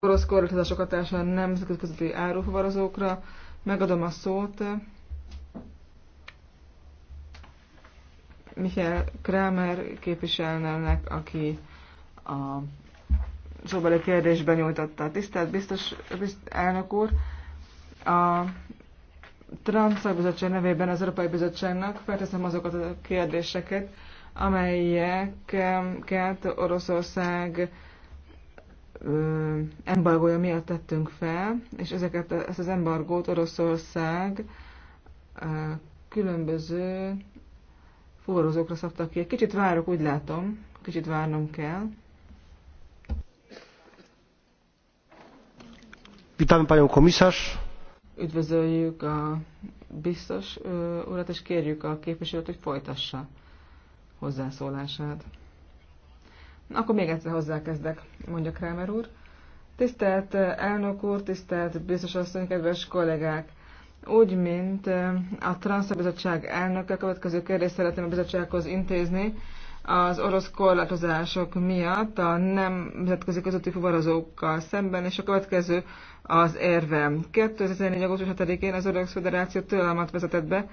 orosz korlátozások hatása nemzetközi áruhavarozókra. Megadom a szót Michael Kramer képviselőnek, aki a szóbeli kérdésben nyújtotta. Tisztelt biztos, bizt, elnök úr, a Transzakbizottság nevében az Európai Bizottságnak felteszem azokat a kérdéseket, amelyeket Oroszország embargója miatt tettünk fel, és ezeket, ezt az embargót Oroszország különböző fuvarozókra szabtak ki. Kicsit várok, úgy látom, kicsit várnom kell. Witamy panią komisarz. Üdvözöljük a biztos urat, és kérjük a képviselőt, hogy folytassa hozzászólását. Akkor még egyszer hozzákezdek, mondja Krámer úr. Tisztelt eh, elnök úr, tisztelt biztos asszony, kedves kollégák! Úgy, mint eh, a Transzabizottság elnöke, a következő kérdést szeretném a bizottsághoz intézni. Az orosz korlátozások miatt a nemzetközi közötti fuvarozókkal szemben, és a következő az érve. 2014. augusztus 7-én az Orosz Föderáció tőlemet vezetett be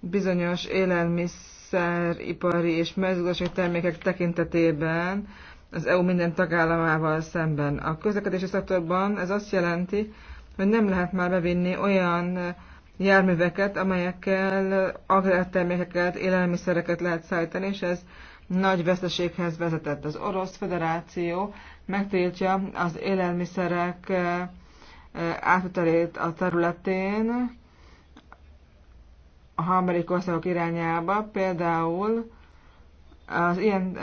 bizonyos élelmiszer élelmiszeripari és mezőgazdasági termékek tekintetében az EU minden tagállamával szemben. A közlekedési szektorban ez azt jelenti, hogy nem lehet már bevinni olyan járműveket, amelyekkel agrártermékeket, élelmiszereket lehet szállítani, és ez nagy veszteséghez vezetett. Az Orosz Federáció megtiltja az élelmiszerek eh, átutalét a területén, a harmadik országok irányába, például az ilyen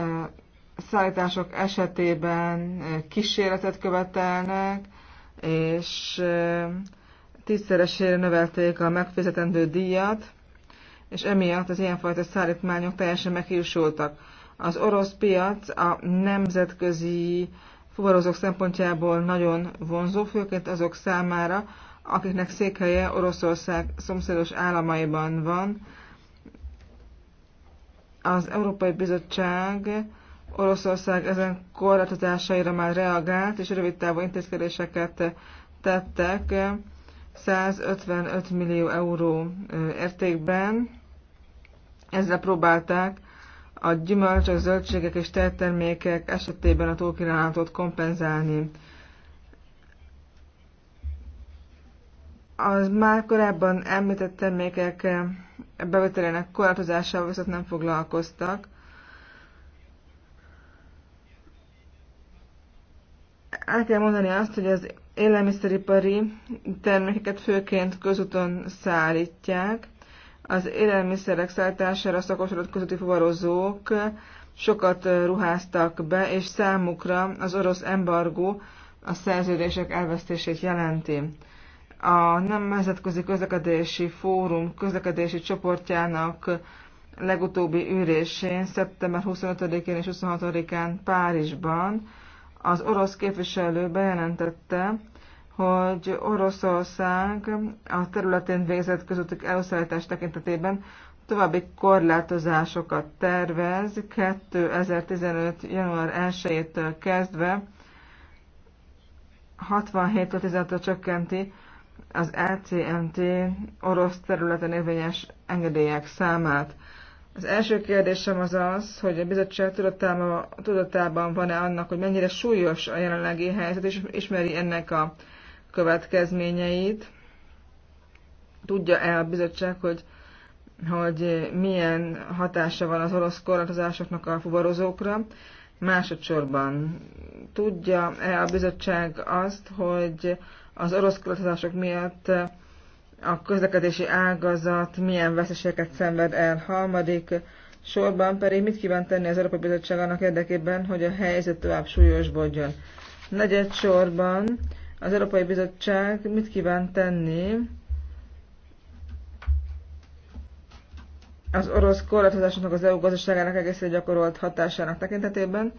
szállítások esetében kísérletet követelnek, és tízszeresére növelték a megfizetendő díjat, és emiatt az ilyenfajta szállítmányok teljesen meghiúsultak. Az orosz piac a nemzetközi fuvarozók szempontjából nagyon vonzó, főként azok számára, akiknek székhelye Oroszország szomszédos államaiban van. Az Európai Bizottság Oroszország ezen korlátozásaira már reagált, és rövid távú intézkedéseket tettek 155 millió euró értékben. Ezzel próbálták a gyümölcsök, zöldségek és tejtermékek esetében a túlkínálatot kompenzálni. az már korábban említett termékek bevételének korlátozásával viszont nem foglalkoztak. El kell mondani azt, hogy az élelmiszeripari termékeket főként közúton szállítják. Az élelmiszerek szállítására szakosodott közúti fuvarozók sokat ruháztak be, és számukra az orosz embargó a szerződések elvesztését jelenti a Nemzetközi Közlekedési Fórum közlekedési csoportjának legutóbbi ülésén, szeptember 25-én és 26-án Párizsban az orosz képviselő bejelentette, hogy Oroszország a területén végzett közötti elszállítás tekintetében további korlátozásokat tervez 2015. január 1-től kezdve 67-től csökkenti az ECMT orosz területen érvényes engedélyek számát. Az első kérdésem az az, hogy a bizottság tudatában, tudatában van-e annak, hogy mennyire súlyos a jelenlegi helyzet, és ismeri ennek a következményeit. Tudja-e a bizottság, hogy, hogy milyen hatása van az orosz korlátozásoknak a fuvarozókra? Másodszorban tudja-e a bizottság azt, hogy az orosz korlátozások miatt a közlekedési ágazat milyen veszélyeket szenved el. Harmadik sorban pedig mit kíván tenni az Európai Bizottság annak érdekében, hogy a helyzet tovább súlyosbodjon. Negyed sorban az Európai Bizottság mit kíván tenni az orosz korlátozásoknak az EU gazdaságának egészen gyakorolt hatásának tekintetében.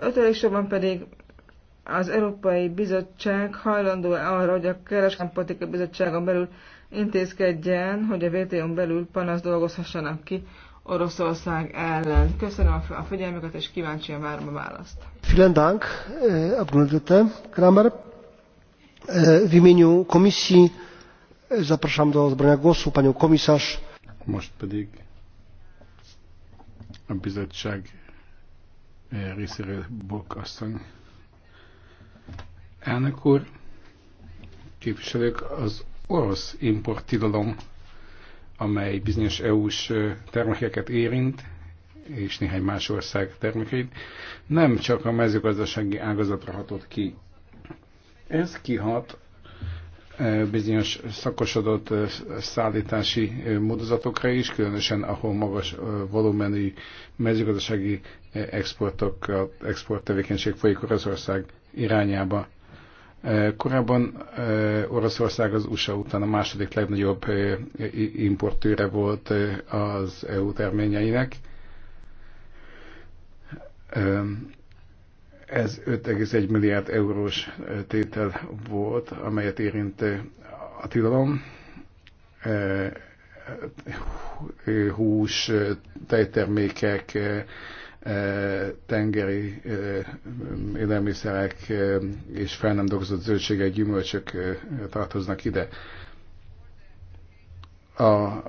Ötödik sorban pedig az Európai Bizottság hajlandó arra, hogy a kereskedelmi bizottságon belül intézkedjen, hogy a WTO-n belül panasz dolgozhassanak ki Oroszország ellen. Köszönöm a figyelmüket, és kíváncsian várom a választ. Vielen Dank, eh, Abgeordnete Kramer. Eh, w imieniu komisji eh, zapraszam do zabrania głosu panią komisarz. Most pedig a bizottság részéről Bok asszony. Elnök úr, képviselők, az orosz importtilalom, amely bizonyos EU-s termékeket érint, és néhány más ország termékeit, nem csak a mezőgazdasági ágazatra hatott ki. Ez kihat bizonyos szakosodott szállítási módozatokra is, különösen ahol magas volumenű mezőgazdasági exportok, export tevékenység folyik Oroszország irányába. Korábban Oroszország az USA után a második legnagyobb importőre volt az EU terményeinek. Ez 5,1 milliárd eurós tétel volt, amelyet érint a tilalom. Hús, tejtermékek, tengeri élelmiszerek és fel nem dolgozott zöldségek, gyümölcsök tartoznak ide. A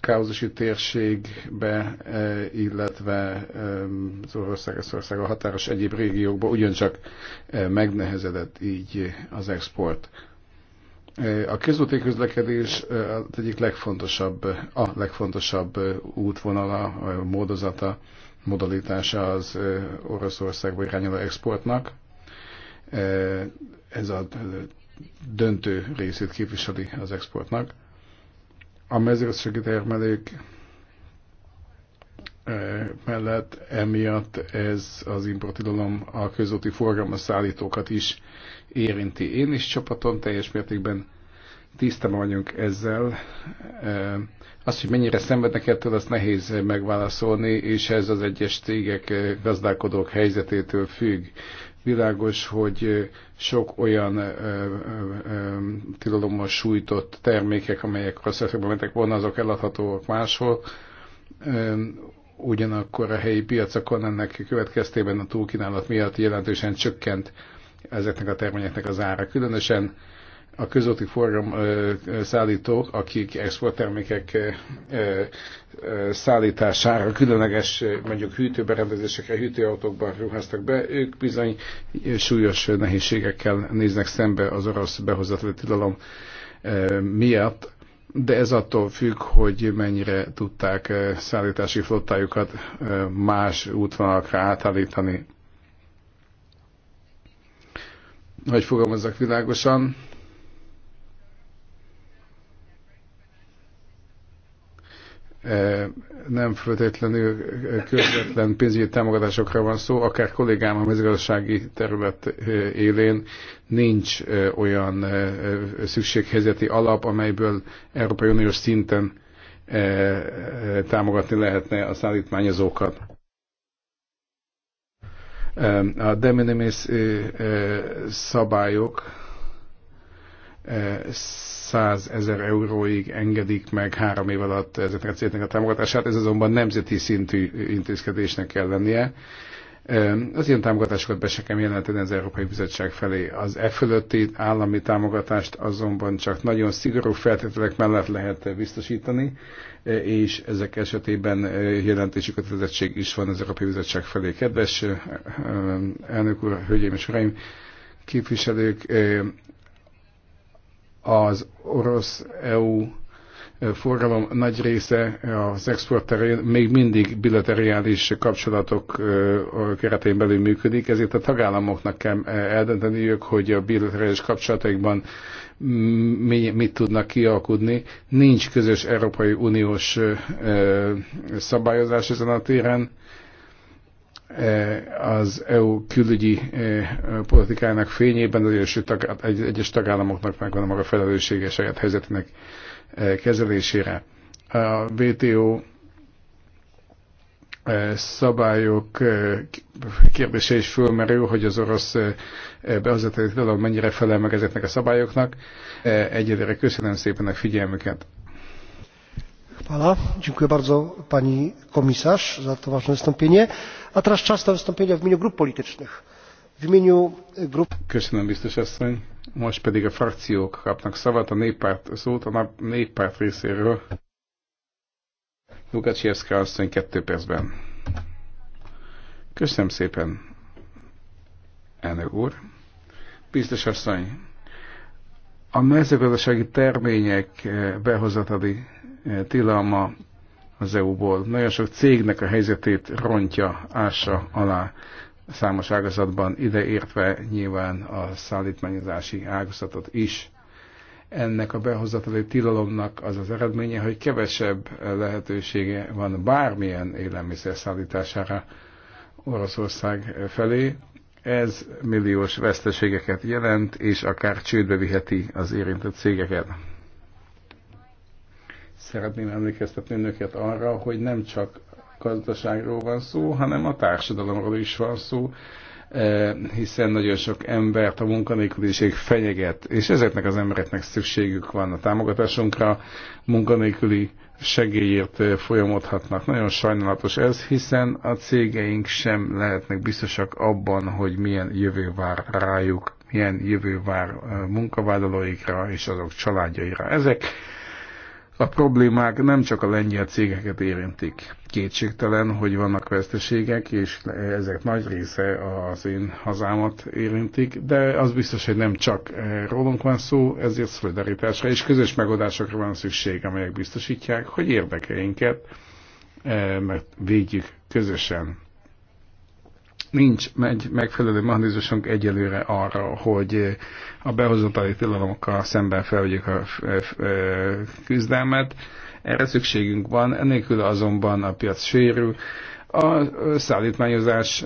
káozusi térségbe, illetve az Oroszág, ország a határos egyéb régiókba ugyancsak megnehezedett így az export. A közúti közlekedés az egyik legfontosabb, a legfontosabb útvonala, módozata modalitása az Oroszországba irányuló exportnak. Ez a döntő részét képviseli az exportnak. A mezőgazdasági termelők mellett emiatt ez az importidalom a közúti forgalmas szállítókat is érinti. Én is csapaton teljes mértékben tisztában vagyunk ezzel. Azt, hogy mennyire szenvednek ettől, azt nehéz megválaszolni, és ez az egyes cégek, gazdálkodók helyzetétől függ. Világos, hogy sok olyan tilalommal sújtott termékek, amelyek kasszafekbe mentek volna, azok eladhatóak máshol. Ö, ugyanakkor a helyi piacokon ennek következtében a túlkínálat miatt jelentősen csökkent ezeknek a termékeknek az ára. Különösen a közúti forgalom szállítók, akik exporttermékek szállítására, különleges mondjuk hűtőberendezésekre, hűtőautókba ruháztak be, ők bizony súlyos nehézségekkel néznek szembe az orosz behozatali tilalom miatt, de ez attól függ, hogy mennyire tudták szállítási flottájukat más útvonalakra átállítani. Hogy fogalmazzak világosan, nem feltétlenül közvetlen pénzügyi támogatásokra van szó, akár kollégám a mezőgazdasági terület élén nincs olyan szükséghelyzeti alap, amelyből Európai Uniós szinten támogatni lehetne a szállítmányozókat. A de minimis szabályok 100 ezer euróig engedik meg három év alatt ezeknek a cégeknek a támogatását, ez azonban nemzeti szintű intézkedésnek kell lennie. Az ilyen támogatásokat be se kell jelenteni az Európai Bizottság felé. Az e fölötti állami támogatást azonban csak nagyon szigorú feltételek mellett lehet biztosítani, és ezek esetében jelentési kötelezettség is van az Európai Bizottság felé. Kedves elnök úr, hölgyeim és uraim, képviselők, az orosz-EU e, forgalom nagy része az export terén még mindig bilateriális kapcsolatok e, keretén belül működik, ezért a tagállamoknak kell e, eldönteniük, hogy a bilateriális kapcsolataikban mit tudnak kialkudni. Nincs közös Európai Uniós szabályozás ezen a téren Eh, az EU külügyi eh, politikának fényében az egyes, tag, egy, egyes tagállamoknak megvan a maga felelőssége saját helyzetének eh, kezelésére. A WTO szabályok kérdése is fölmerül, hogy az orosz bevezető mennyire felel meg ezeknek a szabályoknak. Egyedére köszönöm szépen a figyelmüket dziękuję bardzo pani komisarz za to ważne wystąpienie. a teraz czas na wystąpienia w imieniu grup politycznych. köszönöm biztos most pedig a frakciók kapnak szavát a néppárt szót a néppárt részéről Lukacsevszka asszony kettő percben. Köszönöm szépen, elnök úr. Biztos asszony, a mezőgazdasági termények behozatali tilalma az EU-ból nagyon sok cégnek a helyzetét rontja, ássa alá számos ágazatban, ideértve nyilván a szállítmányozási ágazatot is. Ennek a behozatali tilalomnak az az eredménye, hogy kevesebb lehetősége van bármilyen élelmiszer szállítására Oroszország felé. Ez milliós veszteségeket jelent, és akár csődbe viheti az érintett cégeket. Szeretném emlékeztetni önöket arra, hogy nem csak gazdaságról van szó, hanem a társadalomról is van szó, eh, hiszen nagyon sok embert a munkanélküliség fenyeget, és ezeknek az embereknek szükségük van a támogatásunkra, munkanélküli segélyért eh, folyamodhatnak. Nagyon sajnálatos ez, hiszen a cégeink sem lehetnek biztosak abban, hogy milyen jövő vár rájuk, milyen jövő vár eh, munkavállalóikra és azok családjaira. Ezek a problémák nem csak a lengyel cégeket érintik. Kétségtelen, hogy vannak veszteségek, és ezek nagy része az én hazámat érintik, de az biztos, hogy nem csak rólunk van szó, ezért szolidaritásra és közös megoldásokra van szükség, amelyek biztosítják, hogy érdekeinket eh, mert védjük közösen nincs meg, megfelelő mechanizmusunk egyelőre arra, hogy eh, a behozatali tilalomokkal szemben felvegyük a eh, eh, küzdelmet. Erre szükségünk van, enélkül azonban a piac sérül. A szállítmányozás,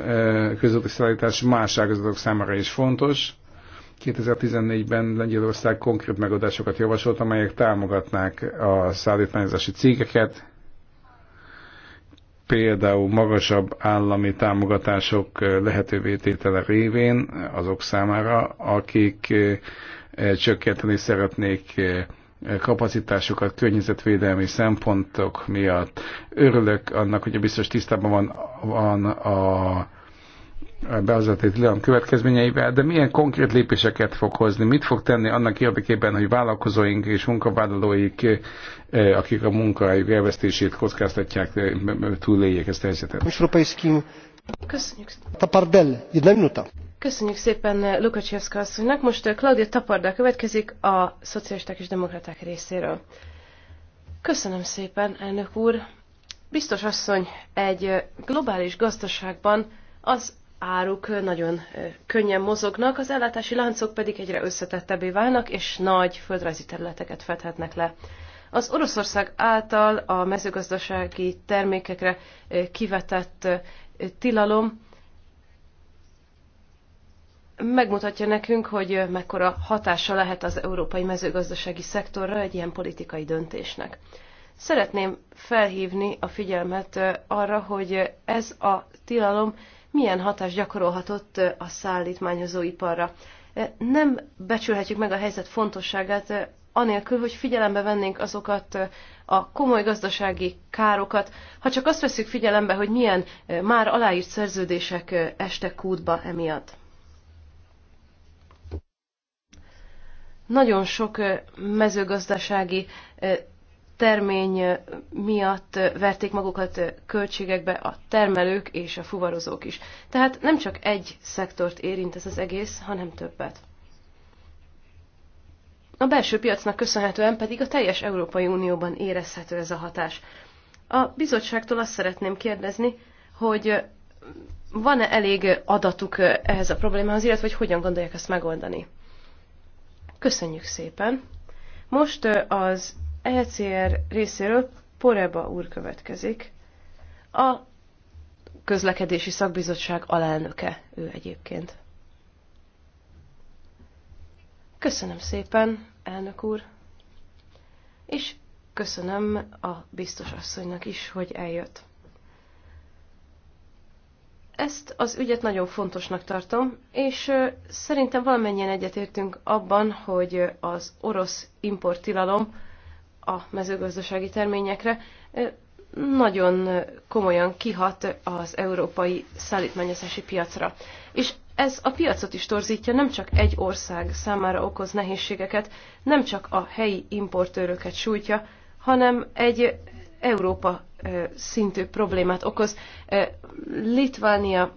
közötti szállítás más ágazatok számára is fontos. 2014-ben Lengyelország konkrét megoldásokat javasolt, amelyek támogatnák a szállítmányozási cégeket, például magasabb állami támogatások lehetővé tétele révén azok számára, akik eh, csökkenteni szeretnék eh, kapacitásokat környezetvédelmi szempontok miatt. Örülök annak, hogy biztos tisztában van, van a a tilalom következményeivel, de milyen konkrét lépéseket fog hozni, mit fog tenni annak érdekében, hogy vállalkozóink és munkavállalóik, eh, akik a munkájuk elvesztését kockáztatják, eh, túléljék ezt a helyzetet. Köszönjük. Tapardel, jedna minuta. Köszönjük szépen eh, Lukacsevszka asszonynak. Most Claudia Tapardel következik a szocialisták és demokraták részéről. Köszönöm szépen, elnök úr. Biztos asszony, egy globális gazdaságban az áruk nagyon könnyen mozognak, az ellátási láncok pedig egyre összetettebbé válnak, és nagy földrajzi területeket fedhetnek le. Az Oroszország által a mezőgazdasági termékekre kivetett tilalom megmutatja nekünk, hogy mekkora hatása lehet az európai mezőgazdasági szektorra egy ilyen politikai döntésnek. Szeretném felhívni a figyelmet arra, hogy ez a tilalom milyen hatás gyakorolhatott a szállítmányozó iparra? Nem becsülhetjük meg a helyzet fontosságát, anélkül, hogy figyelembe vennénk azokat a komoly gazdasági károkat, ha csak azt veszük figyelembe, hogy milyen már aláírt szerződések estek kútba emiatt. Nagyon sok mezőgazdasági termény miatt verték magukat költségekbe a termelők és a fuvarozók is. Tehát nem csak egy szektort érint ez az egész, hanem többet. A belső piacnak köszönhetően pedig a teljes Európai Unióban érezhető ez a hatás. A bizottságtól azt szeretném kérdezni, hogy van-e elég adatuk ehhez a problémához, illetve hogy hogyan gondolják ezt megoldani. Köszönjük szépen! Most az ECR részéről Poreba úr következik. A közlekedési szakbizottság alelnöke ő egyébként. Köszönöm szépen, elnök úr, és köszönöm a biztos asszonynak is, hogy eljött. Ezt az ügyet nagyon fontosnak tartom, és szerintem valamennyien egyetértünk abban, hogy az orosz importtilalom a mezőgazdasági terményekre, nagyon komolyan kihat az európai szállítmányozási piacra. És ez a piacot is torzítja, nem csak egy ország számára okoz nehézségeket, nem csak a helyi importőröket sújtja, hanem egy Európa szintű problémát okoz. Litvánia,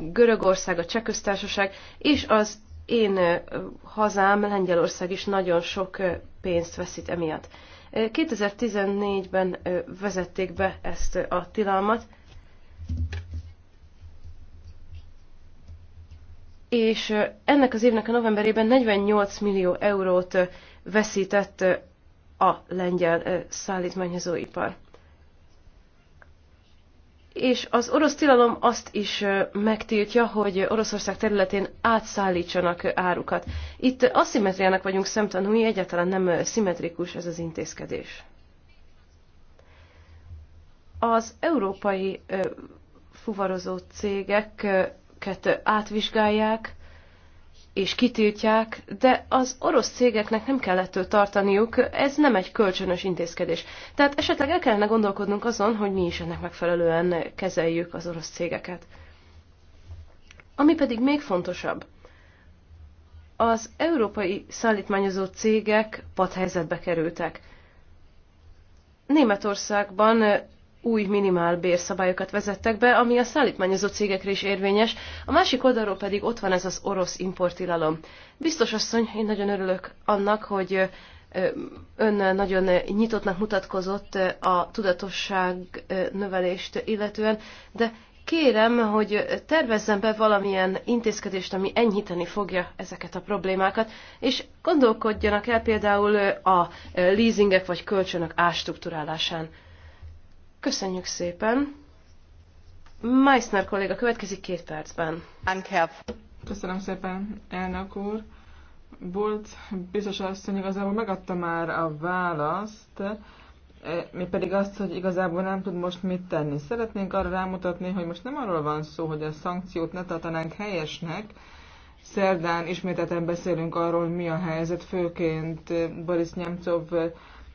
Görögország, a Csehköztársaság és az én hazám, Lengyelország is nagyon sok pénzt veszít emiatt. 2014-ben vezették be ezt a tilalmat, és ennek az évnek a novemberében 48 millió eurót veszített a lengyel szállítmányozóipar és az orosz tilalom azt is megtiltja, hogy Oroszország területén átszállítsanak árukat. Itt aszimetriának vagyunk szemtanúi, egyáltalán nem szimmetrikus ez az intézkedés. Az európai fuvarozó cégeket átvizsgálják, és kitiltják, de az orosz cégeknek nem kell tartaniuk, ez nem egy kölcsönös intézkedés. Tehát esetleg el kellene gondolkodnunk azon, hogy mi is ennek megfelelően kezeljük az orosz cégeket. Ami pedig még fontosabb, az európai szállítmányozó cégek padhelyzetbe kerültek. Németországban új minimál bérszabályokat vezettek be, ami a szállítmányozó cégekre is érvényes, a másik oldalról pedig ott van ez az orosz importilalom. Biztos asszony, én nagyon örülök annak, hogy ön nagyon nyitottnak mutatkozott a tudatosság növelést illetően, de kérem, hogy tervezzen be valamilyen intézkedést, ami enyhíteni fogja ezeket a problémákat, és gondolkodjanak el például a leasingek vagy kölcsönök ástruktúrálásán. Köszönjük szépen. Meissner kolléga következik két percben. Köszönöm szépen, elnök úr. Bult biztos asszony igazából megadta már a választ, e, mi pedig azt, hogy igazából nem tud most mit tenni. Szeretnénk arra rámutatni, hogy most nem arról van szó, hogy a szankciót ne tartanánk helyesnek. Szerdán ismételten beszélünk arról, mi a helyzet, főként Boris Nyemcov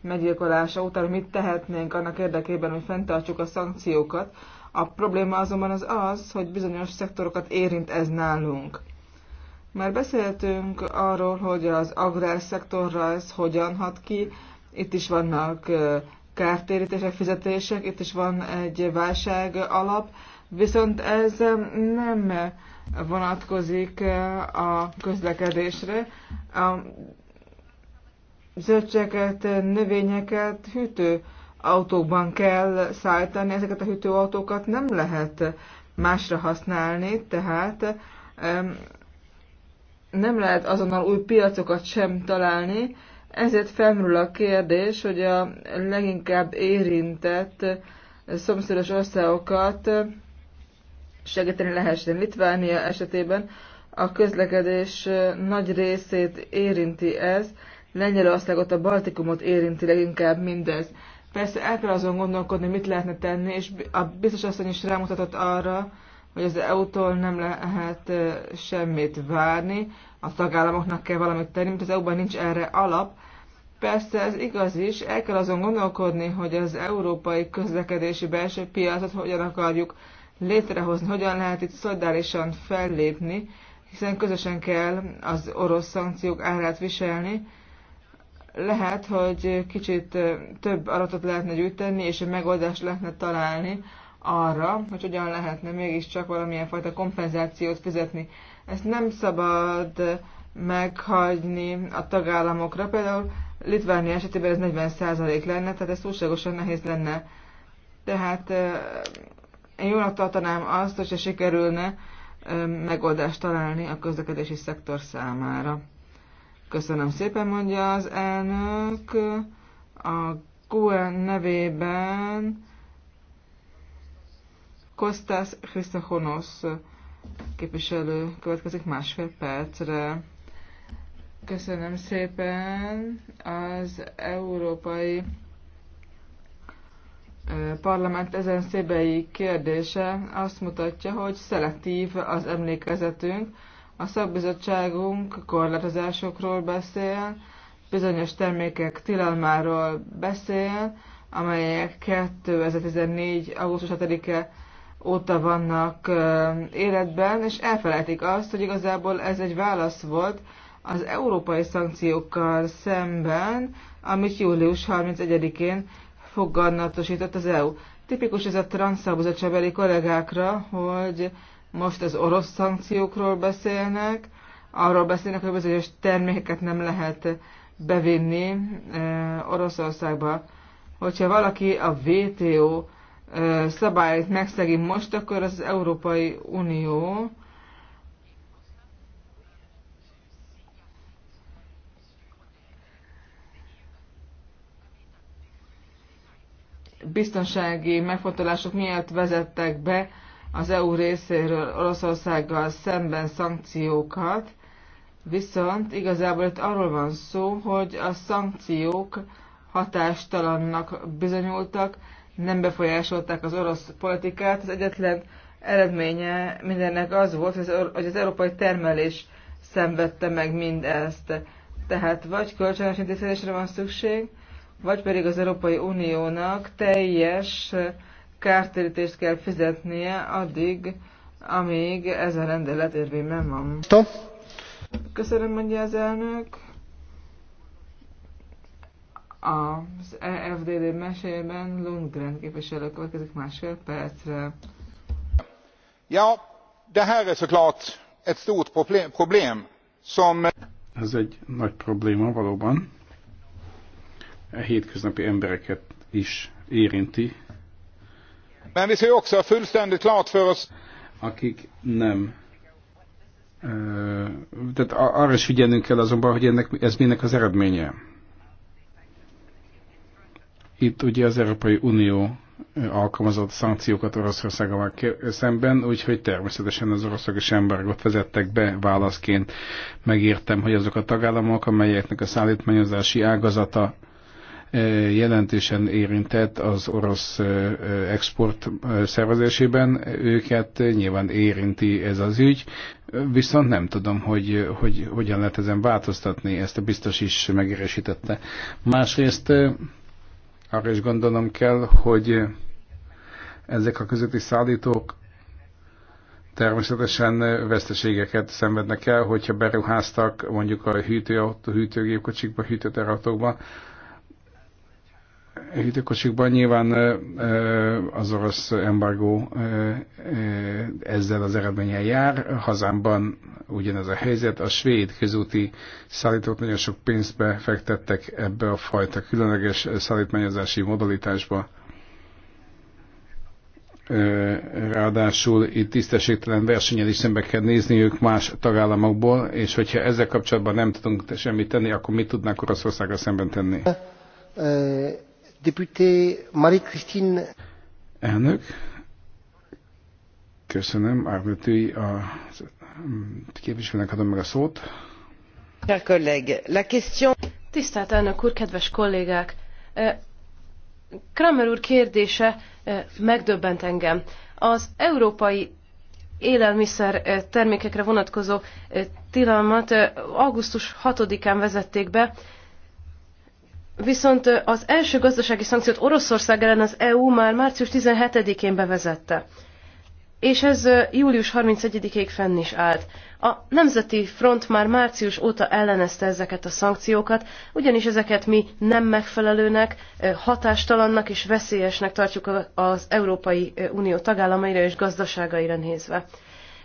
meggyilkolása után hogy mit tehetnénk annak érdekében, hogy fenntartsuk a szankciókat. A probléma azonban az az, hogy bizonyos szektorokat érint ez nálunk. Már beszéltünk arról, hogy az agrárszektorra ez hogyan hat ki. Itt is vannak kártérítések, fizetések, itt is van egy válság alap, viszont ez nem vonatkozik a közlekedésre. A zöldségeket, növényeket autókban kell szállítani, ezeket a hűtőautókat nem lehet másra használni, tehát nem lehet azonnal új piacokat sem találni, ezért felmerül a kérdés, hogy a leginkább érintett szomszédos országokat segíteni lehessen. Litvánia esetében a közlekedés nagy részét érinti ez, Lengyelországot, a Baltikumot érinti leginkább mindez. Persze el kell azon gondolkodni, mit lehetne tenni, és a biztos asszony is rámutatott arra, hogy az EU-tól nem lehet semmit várni, a tagállamoknak kell valamit tenni, mert az EU-ban nincs erre alap. Persze ez igaz is, el kell azon gondolkodni, hogy az európai közlekedési belső piacot hogyan akarjuk létrehozni, hogyan lehet itt szolidárisan fellépni, hiszen közösen kell az orosz szankciók árát viselni, lehet, hogy kicsit több adatot lehetne gyűjteni, és egy megoldást lehetne találni arra, hogy hogyan lehetne mégiscsak valamilyen fajta kompenzációt fizetni. Ezt nem szabad meghagyni a tagállamokra, például Litvánia esetében ez 40 százalék lenne, tehát ez túlságosan nehéz lenne. Tehát én jónak tartanám azt, hogyha sikerülne megoldást találni a közlekedési szektor számára. Köszönöm szépen, mondja az elnök. A QN nevében Kostas Christofonos képviselő következik másfél percre. Köszönöm szépen az Európai Parlament ezen szébei kérdése azt mutatja, hogy szelektív az emlékezetünk, a szakbizottságunk korlátozásokról beszél, bizonyos termékek tilalmáról beszél, amelyek 2014. augusztus 7-e óta vannak életben, és elfelejtik azt, hogy igazából ez egy válasz volt az európai szankciókkal szemben, amit július 31-én fogadnatosított az EU. Tipikus ez a transzabozatcsebeli kollégákra, hogy most az orosz szankciókról beszélnek, arról beszélnek, hogy bizonyos termékeket nem lehet bevinni Oroszországba. Hogyha valaki a WTO szabályt megszegi most, akkor az, az Európai Unió biztonsági megfontolások miatt vezettek be az EU részéről Oroszországgal szemben szankciókat, viszont igazából itt arról van szó, hogy a szankciók hatástalannak bizonyultak, nem befolyásolták az orosz politikát. Az egyetlen eredménye mindennek az volt, hogy az európai termelés szenvedte meg mindezt. Tehát vagy kölcsönös intézkedésre van szükség, vagy pedig az Európai Uniónak teljes kártérítést kell fizetnie addig, amíg ez a rendelet érvényben van. Stop. Köszönöm, mondja az elnök. Az EFDD mesében Lundgren képviselő következik másfél percre. Ja, de här är egy ett stort problém, problem som... Ez egy nagy probléma valóban. A e hétköznapi embereket is érinti, Men vi ser också fullständigt klart för oss... Akik nem tehát arra is figyelnünk kell azonban, hogy ennek, ez minek az eredménye. Itt ugye az Európai Unió alkalmazott szankciókat Oroszországgal szemben, úgyhogy természetesen az oroszok is embargot vezettek be válaszként. Megértem, hogy azok a tagállamok, amelyeknek a szállítmányozási ágazata jelentősen érintett az orosz export szervezésében, őket nyilván érinti ez az ügy, viszont nem tudom, hogy, hogy hogyan lehet ezen változtatni, ezt a biztos is megérésítette. Másrészt arra is gondolom kell, hogy ezek a közötti szállítók természetesen veszteségeket szenvednek el, hogyha beruháztak mondjuk a hűtő, hűtőgépkocsikba, hűtőterautókba, időkocsikban nyilván az orosz embargó ezzel az eredménnyel jár. Hazámban ugyanez a helyzet. A svéd közúti szállítók nagyon sok pénzt befektettek ebbe a fajta különleges szállítmányozási modalitásba. Ráadásul itt tisztességtelen versenyel is szembe kell nézni ők más tagállamokból, és hogyha ezzel kapcsolatban nem tudunk semmit tenni, akkor mit tudnánk Oroszországgal szemben tenni? Député Marie-Christine. Elnök, köszönöm. Árvetői a képviselőnek adom meg a szót. Tisztelt elnök úr, kedves kollégák! Kramer úr kérdése megdöbbent engem. Az európai élelmiszer termékekre vonatkozó tilalmat augusztus 6-án vezették be, Viszont az első gazdasági szankciót Oroszország ellen az EU már március 17-én bevezette. És ez július 31-ig fenn is állt. A Nemzeti Front már március óta ellenezte ezeket a szankciókat, ugyanis ezeket mi nem megfelelőnek, hatástalannak és veszélyesnek tartjuk az Európai Unió tagállamaira és gazdaságaira nézve.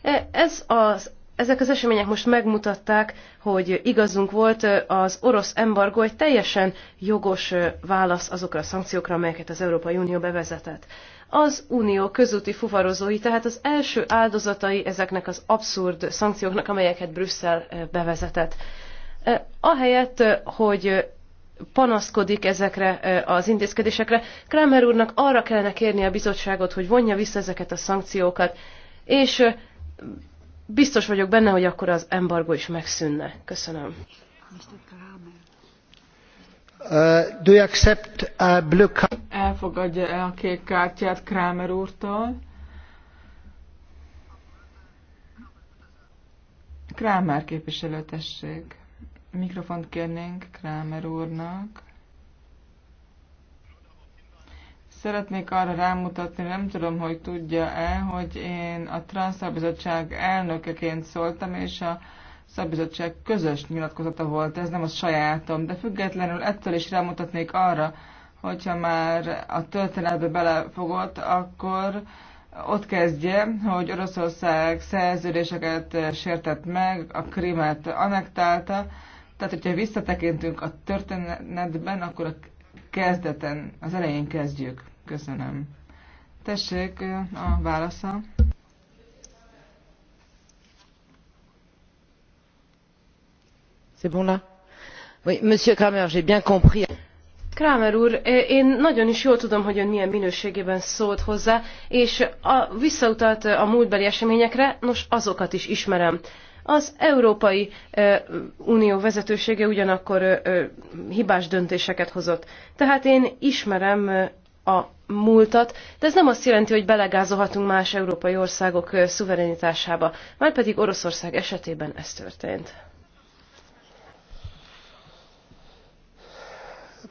E, ez az ezek az események most megmutatták, hogy igazunk volt, az orosz embargó egy teljesen jogos válasz azokra a szankciókra, amelyeket az Európai Unió bevezetett. Az unió közúti fuvarozói, tehát az első áldozatai ezeknek az abszurd szankcióknak, amelyeket Brüsszel bevezetett. Ahelyett, hogy panaszkodik ezekre az intézkedésekre, Kramer úrnak arra kellene kérni a bizottságot, hogy vonja vissza ezeket a szankciókat, és biztos vagyok benne, hogy akkor az embargo is megszűnne. Köszönöm. Uh, do you accept a uh, blue card? Elfogadja el a kék kártyát Kramer úrtól. Krámer képviselőtesség. Mikrofont kérnénk Krámer úrnak. Szeretnék arra rámutatni, nem tudom, hogy tudja-e, hogy én a Transzabizottság elnökeként szóltam, és a szabizottság közös nyilatkozata volt, ez nem a sajátom, de függetlenül ettől is rámutatnék arra, hogyha már a történetbe belefogott, akkor ott kezdje, hogy Oroszország szerződéseket sértett meg, a krímet anektálta, tehát hogyha visszatekintünk a történetben, akkor a kezdeten, az elején kezdjük. Köszönöm. Tessék a válasza. C'est bon là? Oui, Monsieur Kramer, j'ai bien compris. Kramer úr, eh, én nagyon is jól tudom, hogy ön milyen minőségében szólt hozzá, és a, visszautalt eh, a múltbeli eseményekre, nos, azokat is ismerem. Az Európai eh, Unió vezetősége ugyanakkor hibás döntéseket hozott. Tehát én ismerem a múltat, de ez nem azt jelenti, hogy belegázolhatunk más európai országok szuverenitásába, márpedig Oroszország esetében ez történt.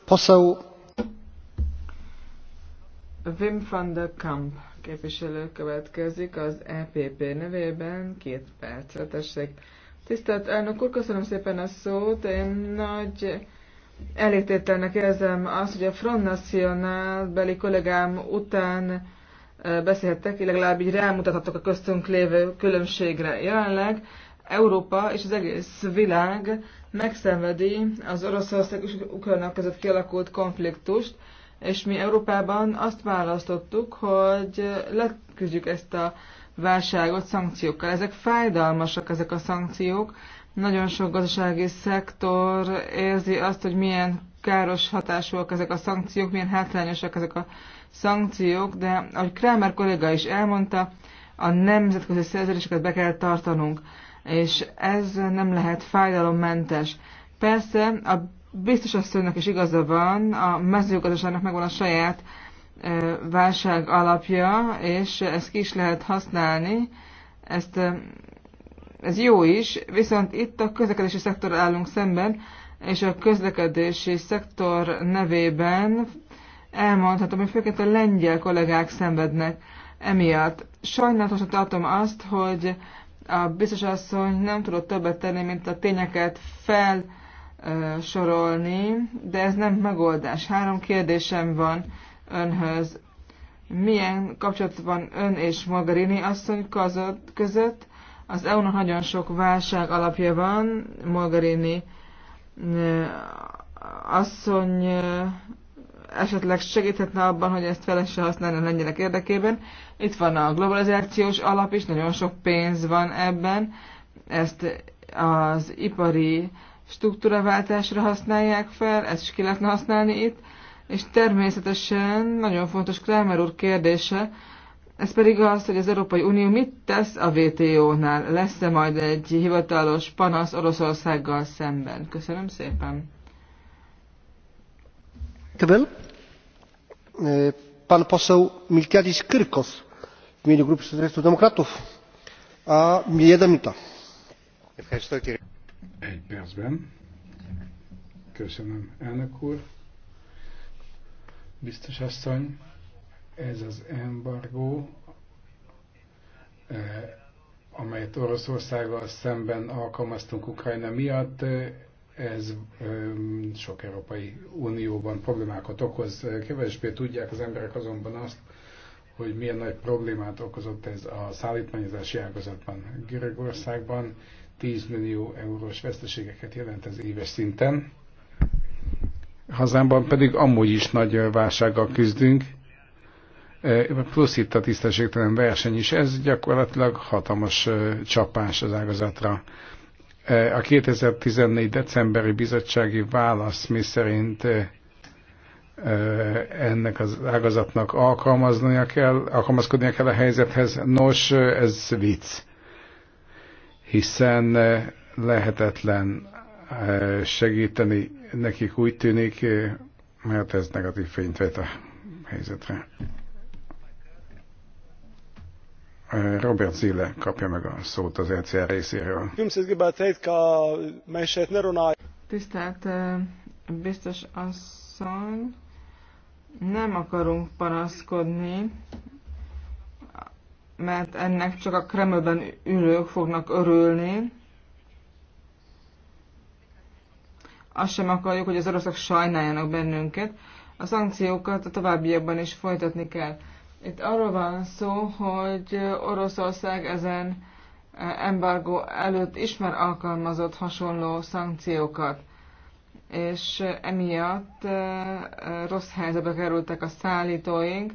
Poseł Wim van de Kamp képviselő következik az EPP nevében, két percre tessék. Tisztelt elnök úr, köszönöm szépen a szót, én nagy elégtételnek érzem azt, hogy a Front National beli kollégám után beszélhettek, legalább így rámutathatok a köztünk lévő különbségre. Jelenleg Európa és az egész világ megszenvedi az Oroszország és Ukrajna között kialakult konfliktust, és mi Európában azt választottuk, hogy leküzdjük ezt a válságot szankciókkal. Ezek fájdalmasak, ezek a szankciók, nagyon sok gazdasági szektor érzi azt, hogy milyen káros hatásúak ezek a szankciók, milyen hátrányosak ezek a szankciók, de ahogy Kramer kolléga is elmondta, a nemzetközi szerződéseket be kell tartanunk, és ez nem lehet fájdalommentes. Persze, a biztos asszonynak is igaza van, a mezőgazdaságnak megvan a saját válság alapja, és ezt ki is lehet használni, ezt ez jó is, viszont itt a közlekedési szektor állunk szemben, és a közlekedési szektor nevében elmondhatom, hogy főként a lengyel kollégák szenvednek emiatt. Sajnálatosan tartom azt, hogy a biztos asszony nem tudott többet tenni, mint a tényeket felsorolni, de ez nem megoldás. Három kérdésem van önhöz. Milyen kapcsolat van ön és Margarini asszony között? Az EU-nak nagyon sok válság alapja van, Mogherini asszony esetleg segíthetne abban, hogy ezt felesse használni a lengyelek érdekében. Itt van a globalizációs alap is, nagyon sok pénz van ebben. Ezt az ipari struktúraváltásra használják fel, ezt is ki lehetne használni itt. És természetesen nagyon fontos Kramer úr kérdése, ez pedig az, hogy az Európai Unió mit tesz a WTO-nál. Lesz-e majd egy hivatalos panasz Oroszországgal szemben? Köszönöm szépen. Köszönöm. E, pan poseł Milkiadis Kyrkos w imieniu Grupy Socjalistów Demokratów. A jeden minuta. Egy percben. Köszönöm, elnök úr. Biztos asszony ez az embargó, eh, amelyet Oroszországgal szemben alkalmaztunk Ukrajna miatt, eh, ez eh, sok Európai Unióban problémákat okoz. Kevesbé tudják az emberek azonban azt, hogy milyen nagy problémát okozott ez a szállítmányozási ágazatban. Görögországban 10 millió eurós veszteségeket jelent ez éves szinten. Hazámban pedig amúgy is nagy válsággal küzdünk, plusz itt a tisztességtelen verseny is, ez gyakorlatilag hatalmas csapás az ágazatra. A 2014. decemberi bizottsági válasz, mi szerint ennek az ágazatnak alkalmaznia kell, alkalmazkodnia kell a helyzethez. Nos, ez vicc, hiszen lehetetlen segíteni nekik úgy tűnik, mert ez negatív fényt vet a helyzetre. Robert Zille kapja meg a szót az ECR részéről. Tisztelt biztos asszony, nem akarunk panaszkodni, mert ennek csak a kremőben ülők fognak örülni. Azt sem akarjuk, hogy az oroszok sajnáljanak bennünket. A szankciókat a továbbiakban is folytatni kell. Itt arról van szó, hogy Oroszország ezen e, embargó előtt ismer alkalmazott hasonló szankciókat, és emiatt e, e, rossz helyzetbe kerültek a szállítóink,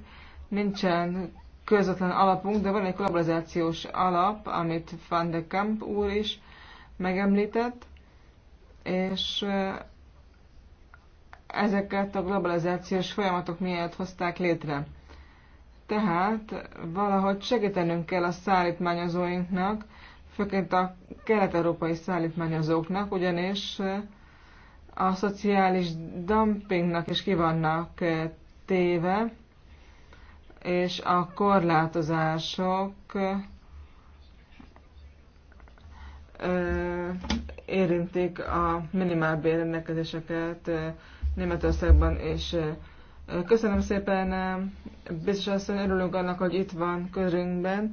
nincsen közvetlen alapunk, de van egy globalizációs alap, amit Van de Kamp úr is megemlített, és ezeket a globalizációs folyamatok miatt hozták létre. Tehát valahogy segítenünk kell a szállítmányozóinknak, főként a kelet-európai szállítmányozóknak, ugyanis eh, a szociális dumpingnak is kivannak eh, téve, és a korlátozások eh, érintik a minimálbér rendelkezéseket Németországban és Köszönöm szépen, eh, biztos asszony, örülünk annak, hogy itt van körünkben.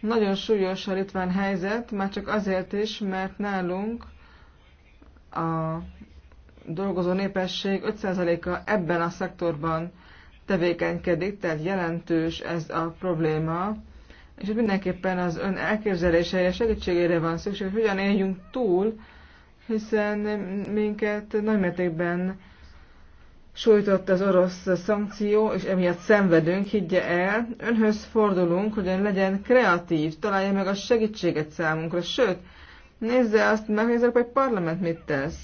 Nagyon súlyos a litván helyzet, már csak azért is, mert nálunk a dolgozó népesség 5%-a ebben a szektorban tevékenykedik, tehát jelentős ez a probléma, és itt mindenképpen az ön elképzelései és segítségére van szükség, hogy hogyan éljünk túl, hiszen minket nagymértékben sújtott az orosz szankció, és emiatt szenvedünk, higgye el, önhöz fordulunk, hogy ön legyen kreatív, találja meg a segítséget számunkra, sőt, nézze azt meg, hogy az Európai Parlament mit tesz.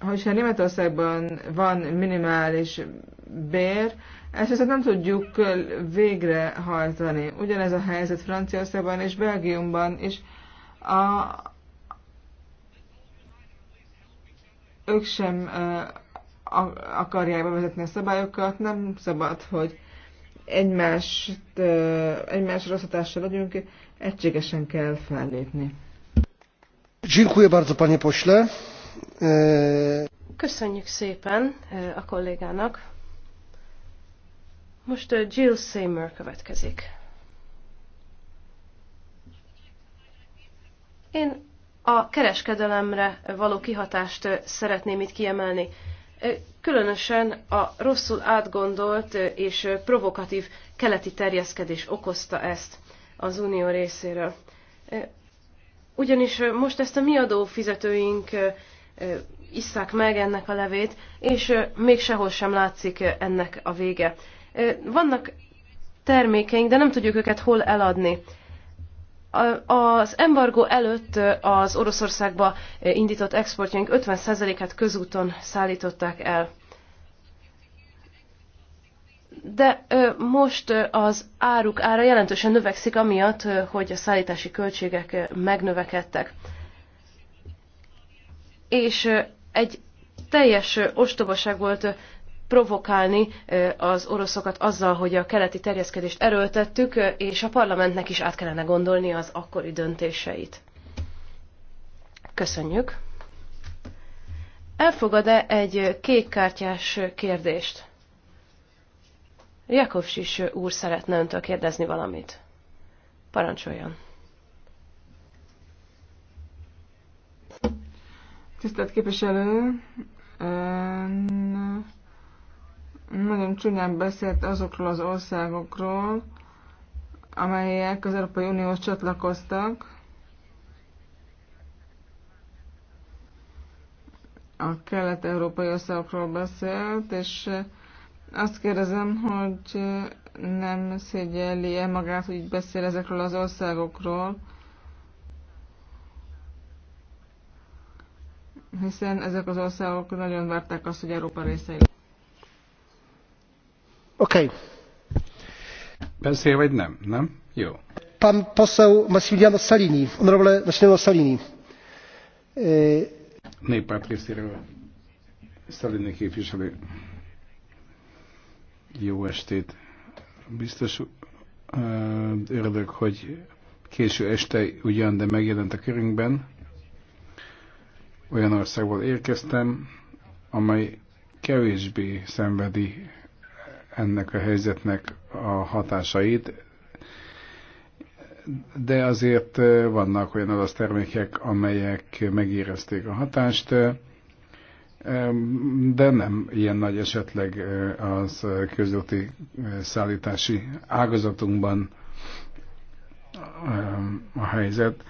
Hogyha Németországban van minimális bér, ezt viszont nem tudjuk végrehajtani. Ugyanez a helyzet Franciaországban és Belgiumban is. A, ők sem uh, akarják bevezetni a szabályokat, nem szabad, hogy egymást, egymás rosszatással legyünk, egységesen kell fellépni. Dziękuję bardzo, panie pośle. E, Köszönjük szépen a kollégának. Most Jill Seymour következik. Én a kereskedelemre való kihatást szeretném itt kiemelni különösen a rosszul átgondolt és provokatív keleti terjeszkedés okozta ezt az unió részéről. Ugyanis most ezt a mi adófizetőink isszák meg ennek a levét, és még sehol sem látszik ennek a vége. Vannak termékeink, de nem tudjuk őket hol eladni. Az embargó előtt az Oroszországba indított exportjaink 50%-át közúton szállították el. De most az áruk ára jelentősen növekszik, amiatt, hogy a szállítási költségek megnövekedtek. És egy teljes ostobaság volt provokálni az oroszokat azzal, hogy a keleti terjeszkedést erőltettük, és a parlamentnek is át kellene gondolni az akkori döntéseit. Köszönjük. Elfogad-e egy kékkártyás kérdést? is úr szeretne öntől kérdezni valamit. Parancsoljon. Tisztelt képviselő, ön nagyon csúnyán beszélt azokról az országokról, amelyek az Európai Unióhoz csatlakoztak. A kelet-európai országokról beszélt, és eh, azt kérdezem, hogy eh, nem szégyeli e magát, hogy beszél ezekről az országokról, hiszen ezek az országok nagyon várták azt, hogy Európa részei Oké. Okay. Beszél vagy nem? Nem? Jó. Pan poseł Massimiliano Salini, honorable Massimiliano Salini. E, Néppárt részéről Salini képviselő. Jó estét. Biztos örülök, hogy késő este ugyan, de megjelent a körünkben. Olyan országból érkeztem, amely kevésbé szenvedi ennek a helyzetnek a hatásait, de azért vannak olyan olasz termékek, amelyek megérezték a hatást, de nem ilyen nagy esetleg az közúti szállítási ágazatunkban a helyzet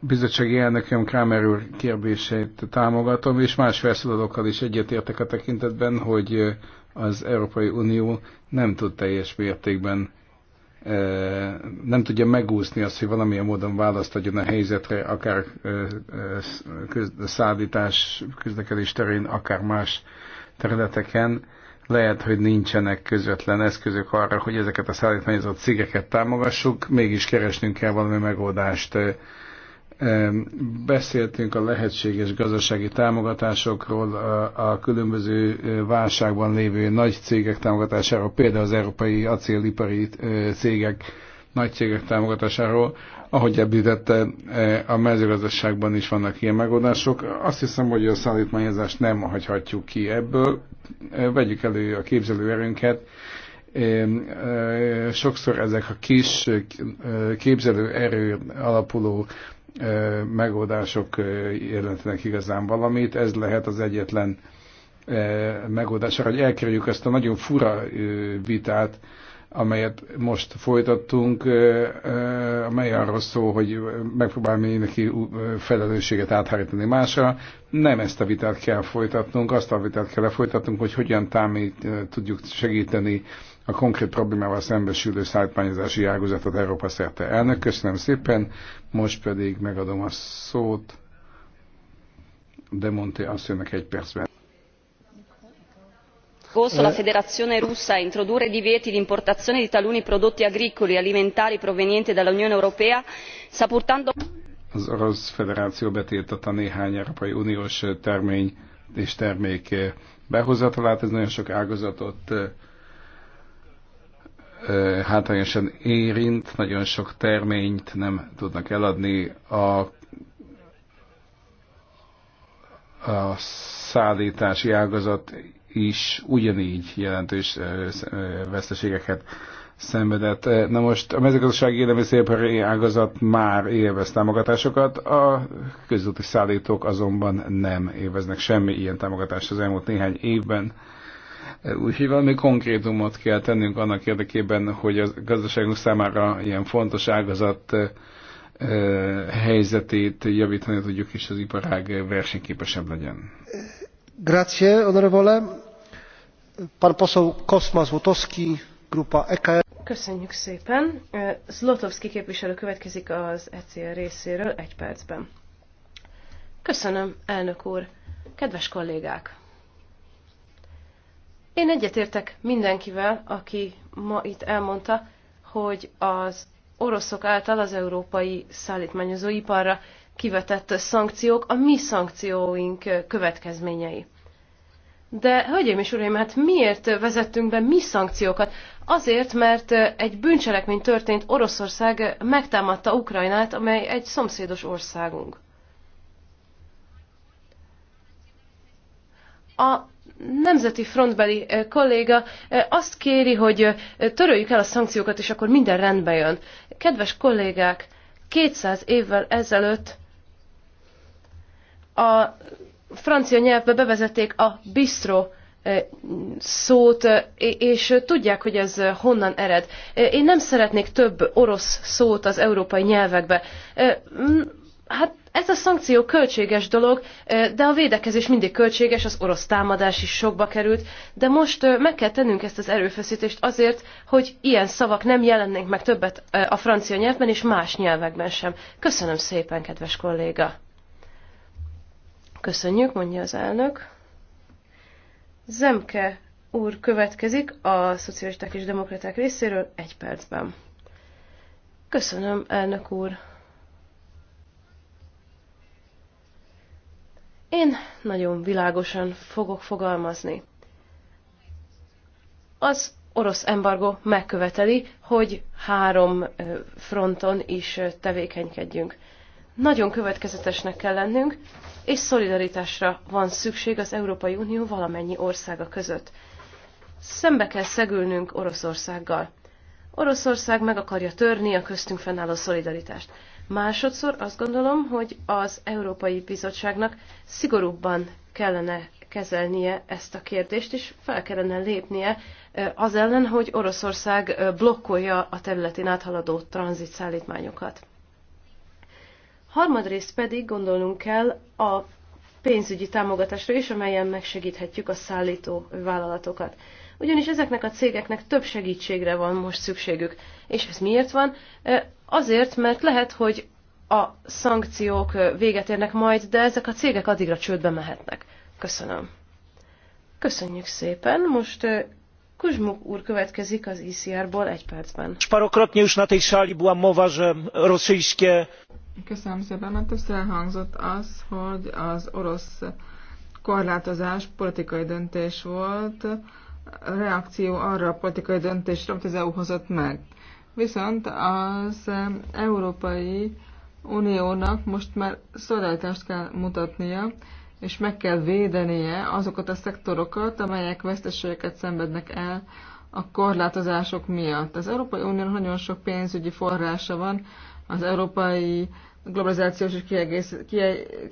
bizottsági elnököm Kramer úr kérdését támogatom, és más felszólalókkal is egyetértek a tekintetben, hogy az Európai Unió nem tud teljes mértékben nem tudja megúszni azt, hogy valamilyen módon választ adjon a helyzetre, akár szállítás, közlekedés terén, akár más területeken lehet, hogy nincsenek közvetlen eszközök arra, hogy ezeket a szállítmányozott cégeket támogassuk, mégis keresnünk kell valami megoldást. Beszéltünk a lehetséges gazdasági támogatásokról, a különböző válságban lévő nagy cégek támogatásáról, például az európai acélipari cégek nagy cégek támogatásáról, ahogy említette, eh, a mezőgazdaságban is vannak ilyen megoldások. Azt hiszem, hogy a szállítmányozást nem hagyhatjuk ki ebből. Eh, vegyük elő a képzelőerőnket. Eh, sokszor ezek a kis képzelőerő alapuló megoldások jelentenek igazán valamit. Ez lehet az egyetlen megoldás, hogy elkerüljük ezt a nagyon fura vitát, amelyet most folytattunk, amely arról szól, hogy megpróbál neki felelősséget áthárítani másra. Nem ezt a vitát kell folytatnunk, azt a vitát kell lefolytatnunk, hogy hogyan támít, tudjuk segíteni a konkrét problémával szembesülő szállítmányozási ágazatot Európa szerte. Elnök, köszönöm szépen, most pedig megadom a szót de azt asszonynak egy percben scorso la eh. federazione russa a introdurre divieti di importazione di taluni prodotti agricoli e alimentari provenienti dall'unione europea sta portando. az orosz federáció betiltotta néhány európai uniós termény és termék behozatalát, ez nagyon sok ágazatot eh, eh, hátrányosan érint, nagyon sok terményt nem tudnak eladni. A, a szállítási ágazat is ugyanígy jelentős veszteségeket szenvedett. Na most a mezőgazdasági élelmiszeripari ágazat már élvez támogatásokat, a közúti szállítók azonban nem élveznek semmi ilyen támogatást az elmúlt néhány évben. Úgyhogy valami konkrétumot kell tennünk annak érdekében, hogy a gazdaságunk számára ilyen fontos ágazat helyzetét javítani tudjuk, és az iparág versenyképesebb legyen. Grazie, onorevole. E Köszönjük szépen. Zlotowski képviselő következik az ECR részéről egy percben. Köszönöm, elnök úr. Kedves kollégák! Én egyetértek mindenkivel, aki ma itt elmondta, hogy az oroszok által az európai szállítmányozóiparra kivetett szankciók a mi szankcióink következményei. De, hölgyeim és uraim, hát miért vezettünk be mi szankciókat? Azért, mert egy bűncselekmény történt, Oroszország megtámadta Ukrajnát, amely egy szomszédos országunk. A nemzeti frontbeli kolléga azt kéri, hogy töröljük el a szankciókat, és akkor minden rendbe jön. Kedves kollégák, 200 évvel ezelőtt a francia nyelvbe bevezették a bistro eh, szót, eh, és tudják, hogy ez honnan ered. Eh, én nem szeretnék több orosz szót az európai nyelvekbe. Hát ez a szankció költséges dolog, de a védekezés mindig költséges, az orosz támadás is sokba került, de most meg kell tennünk ezt az erőfeszítést azért, hogy ilyen szavak nem jelennénk meg többet a francia nyelvben és más nyelvekben sem. Köszönöm szépen, kedves kolléga! Köszönjük, mondja az elnök. Zemke úr következik a szocialisták és demokraták részéről egy percben. Köszönöm, elnök úr. Én nagyon világosan fogok fogalmazni. Az orosz embargo megköveteli, hogy három fronton is tevékenykedjünk nagyon következetesnek kell lennünk, és szolidaritásra van szükség az Európai Unió valamennyi országa között. Szembe kell szegülnünk Oroszországgal. Oroszország meg akarja törni a köztünk fennálló szolidaritást. Másodszor azt gondolom, hogy az Európai Bizottságnak szigorúbban kellene kezelnie ezt a kérdést, és fel kellene lépnie az ellen, hogy Oroszország blokkolja a területén áthaladó tranzitszállítmányokat harmadrészt pedig gondolnunk kell a pénzügyi támogatásra is, amelyen megsegíthetjük a szállító vállalatokat. Ugyanis ezeknek a cégeknek több segítségre van most szükségük. És ez miért van? Azért, mert lehet, hogy a szankciók véget érnek majd, de ezek a cégek addigra csődbe mehetnek. Köszönöm. Köszönjük szépen. Most Kuzmuk úr következik az ICR-ból e egy percben. Parokrotnie już na tej sali była mowa, że rosyjskie Köszönöm szépen, mert többször elhangzott az, hogy az orosz korlátozás politikai döntés volt, reakció arra a politikai döntésre, amit az EU hozott meg. Viszont az Európai Uniónak most már szolidaritást kell mutatnia, és meg kell védenie azokat a szektorokat, amelyek veszteségeket szenvednek el a korlátozások miatt. Az Európai unió nagyon sok pénzügyi forrása van, az európai globalizációs és kiegész,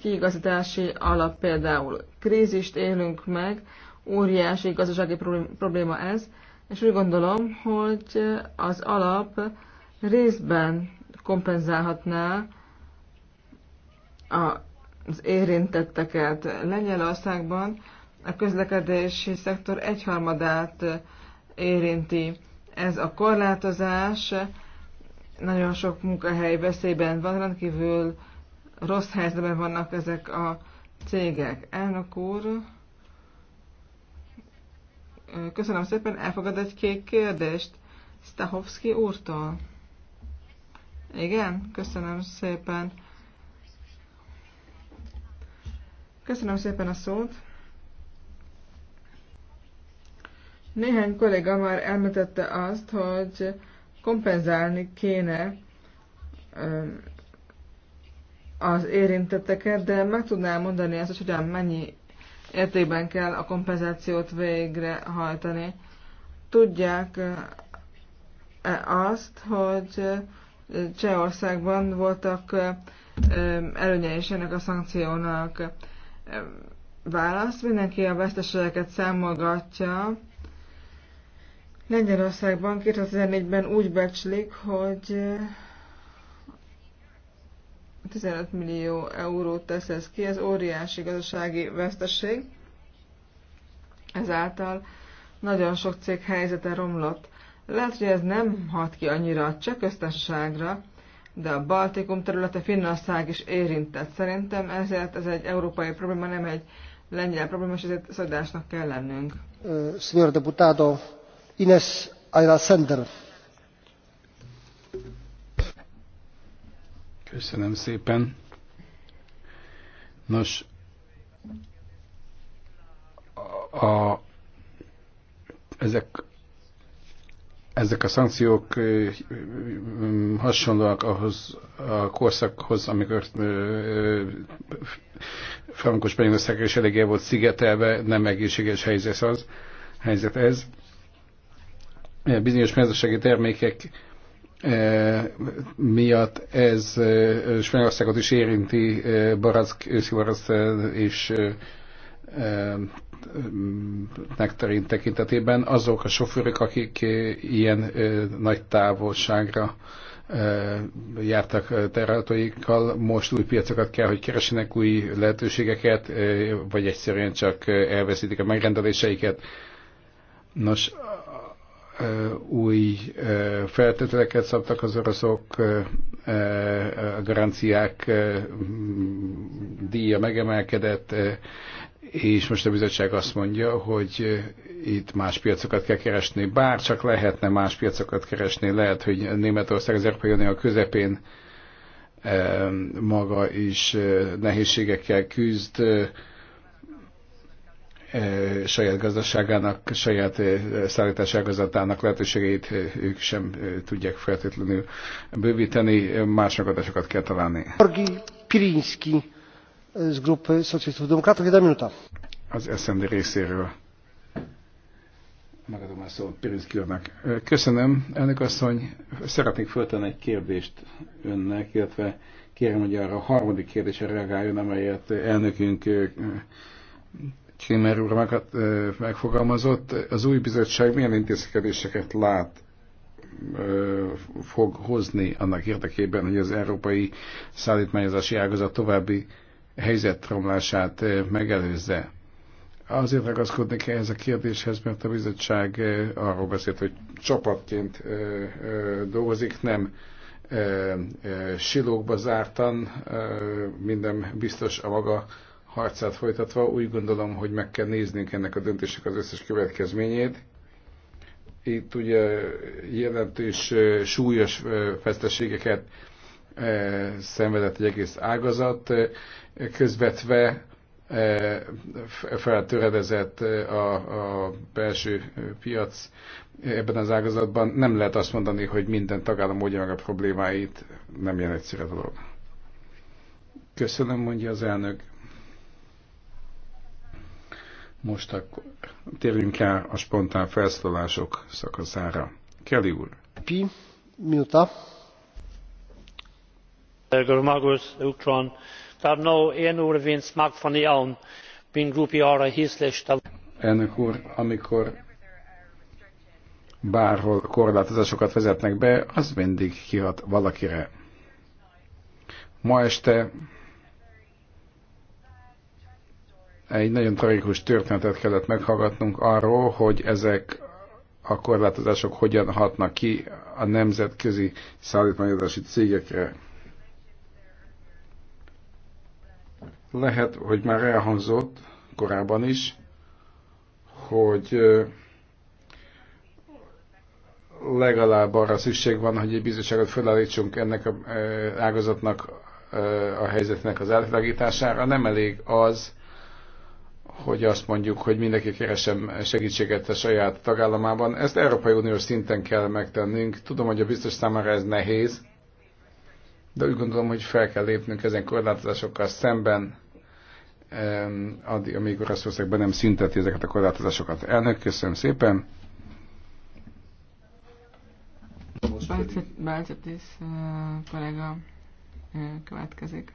kiigazítási alap például. Krízist élünk meg, óriási gazdasági probléma ez, és úgy gondolom, hogy az alap részben kompenzálhatná az érintetteket. Lengyelországban a közlekedési szektor egyharmadát érinti ez a korlátozás, nagyon sok munkahely veszélyben van, rendkívül rossz helyzetben vannak ezek a cégek. Elnök úr, köszönöm szépen, elfogad egy kék kérdést Stahovski úrtól. Igen, köszönöm szépen. Köszönöm szépen a szót. Néhány kolléga már elmetette azt, hogy kompenzálni kéne az érintetteket, de meg tudnál mondani azt, hogy mennyi értékben kell a kompenzációt végrehajtani. Tudják e azt, hogy Csehországban voltak előnye is ennek a szankciónak válasz. Mindenki a veszteségeket számolgatja, Lengyelországban 2014-ben úgy becslik, hogy 15 eh, millió eurót tesz ez ki, ez óriási gazdasági veszteség. Ezáltal nagyon sok cég helyzete romlott. Lehet, hogy ez nem hat ki annyira a cseh köztársaságra, de a Baltikum területe Finnország is érintett. Szerintem ezért ez egy európai probléma, nem egy lengyel probléma, és ezért szadásnak kell lennünk. Eh, Sr. deputado, Köszönöm szépen. Nos, a, a, ezek, ezek a szankciók hasonlóak ahhoz a korszakhoz, amikor Frankos Spanyolország is eléggé volt szigetelve, nem egészséges helyzet az, helyzet ez bizonyos mezőségi termékek eh, miatt ez eh, Spanyolországot is érinti, eh, barack, barack és nektarin tekintetében azok a sofőrök, akik ilyen nagy távolságra jártak terrautóikkal, most új piacokat kell, hogy keresenek új lehetőségeket, vagy egyszerűen csak elveszítik a megrendeléseiket. Nos, új feltételeket szabtak az oroszok, a garanciák díja megemelkedett, és most a bizottság azt mondja, hogy itt más piacokat kell keresni, bár csak lehetne más piacokat keresni, lehet, hogy Németország az Európai Unió közepén maga is nehézségekkel küzd, saját gazdaságának, saját szállítási ágazatának lehetőségeit ők sem tudják feltétlenül bővíteni, más megoldásokat kell találni. Pirinski, z grupy szocialistów demokratów, 1 minuta. Az SMD részéről. Megadom a szót Pirinski úrnak. Köszönöm, elnök asszony. Szeretnék föltenni egy kérdést önnek, illetve kérem, hogy arra a harmadik kérdésre reagáljon, amelyet elnökünk Krimer úr meg, megfogalmazott, az új bizottság milyen intézkedéseket lát, fog hozni annak érdekében, hogy az európai szállítmányozási ágazat további helyzetromlását megelőzze. Azért ragaszkodnék ehhez a kérdéshez, mert a bizottság arról beszélt, hogy csapatként dolgozik, nem silókba zártan, minden biztos a maga harcát folytatva úgy gondolom, hogy meg kell néznünk ennek a döntésnek az összes következményét. Itt ugye jelentős, súlyos veszteségeket szenvedett egy egész ágazat, közvetve feltöredezett a, a belső piac ebben az ágazatban. Nem lehet azt mondani, hogy minden tagállam oldja meg a problémáit, nem ilyen egyszerű dolog. Köszönöm, mondja az elnök. Most akkor térjünk el a spontán felszólások szakaszára. Kelly úr. Pi, miuta. Magus, Ukron. Tehát no, én úr, Vince, Magfani van ián, bin grupi arra Hiszlés, Elnök úr, amikor bárhol korlátozásokat vezetnek be, az mindig kihat valakire. Ma este egy nagyon tragikus történetet kellett meghallgatnunk arról, hogy ezek a korlátozások hogyan hatnak ki a nemzetközi szállítmányozási cégekre. Lehet, hogy már elhangzott korábban is, hogy legalább arra szükség van, hogy egy bizottságot felállítsunk ennek a ágazatnak a helyzetnek az átvilágítására. Nem elég az, hogy azt mondjuk, hogy mindenki keresem segítséget a saját tagállamában. Ezt Európai Unió szinten kell megtennünk. Tudom, hogy a biztos számára ez nehéz, de úgy gondolom, hogy fel kell lépnünk ezen korlátozásokkal szemben, addig, amíg Oroszország be nem szünteti ezeket a korlátozásokat. Elnök, köszönöm szépen. Balcetis kollega következik.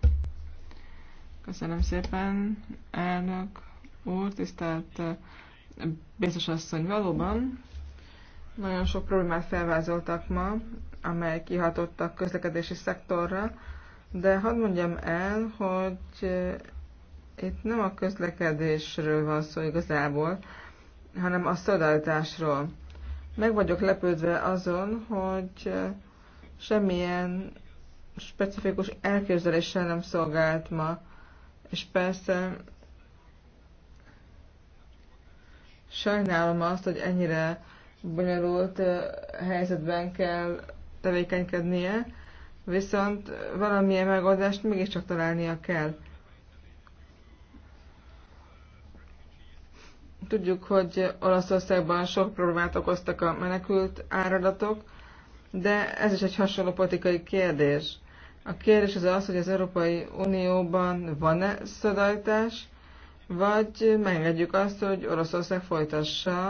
Köszönöm szépen, elnök úr, tisztelt eh, biztos asszony, valóban nagyon sok problémát felvázoltak ma, amely kihatottak közlekedési szektorra, de hadd mondjam el, hogy eh, itt nem a közlekedésről van szó igazából, hanem a szolidaritásról. Meg vagyok lepődve azon, hogy eh, semmilyen specifikus elképzeléssel nem szolgált ma, és persze Sajnálom azt, hogy ennyire bonyolult helyzetben kell tevékenykednie, viszont valamilyen megoldást mégiscsak találnia kell. Tudjuk, hogy Olaszországban sok problémát okoztak a menekült áradatok, de ez is egy hasonló politikai kérdés. A kérdés az az, hogy az Európai Unióban van-e szadajtás, vagy megengedjük azt, hogy Oroszország folytassa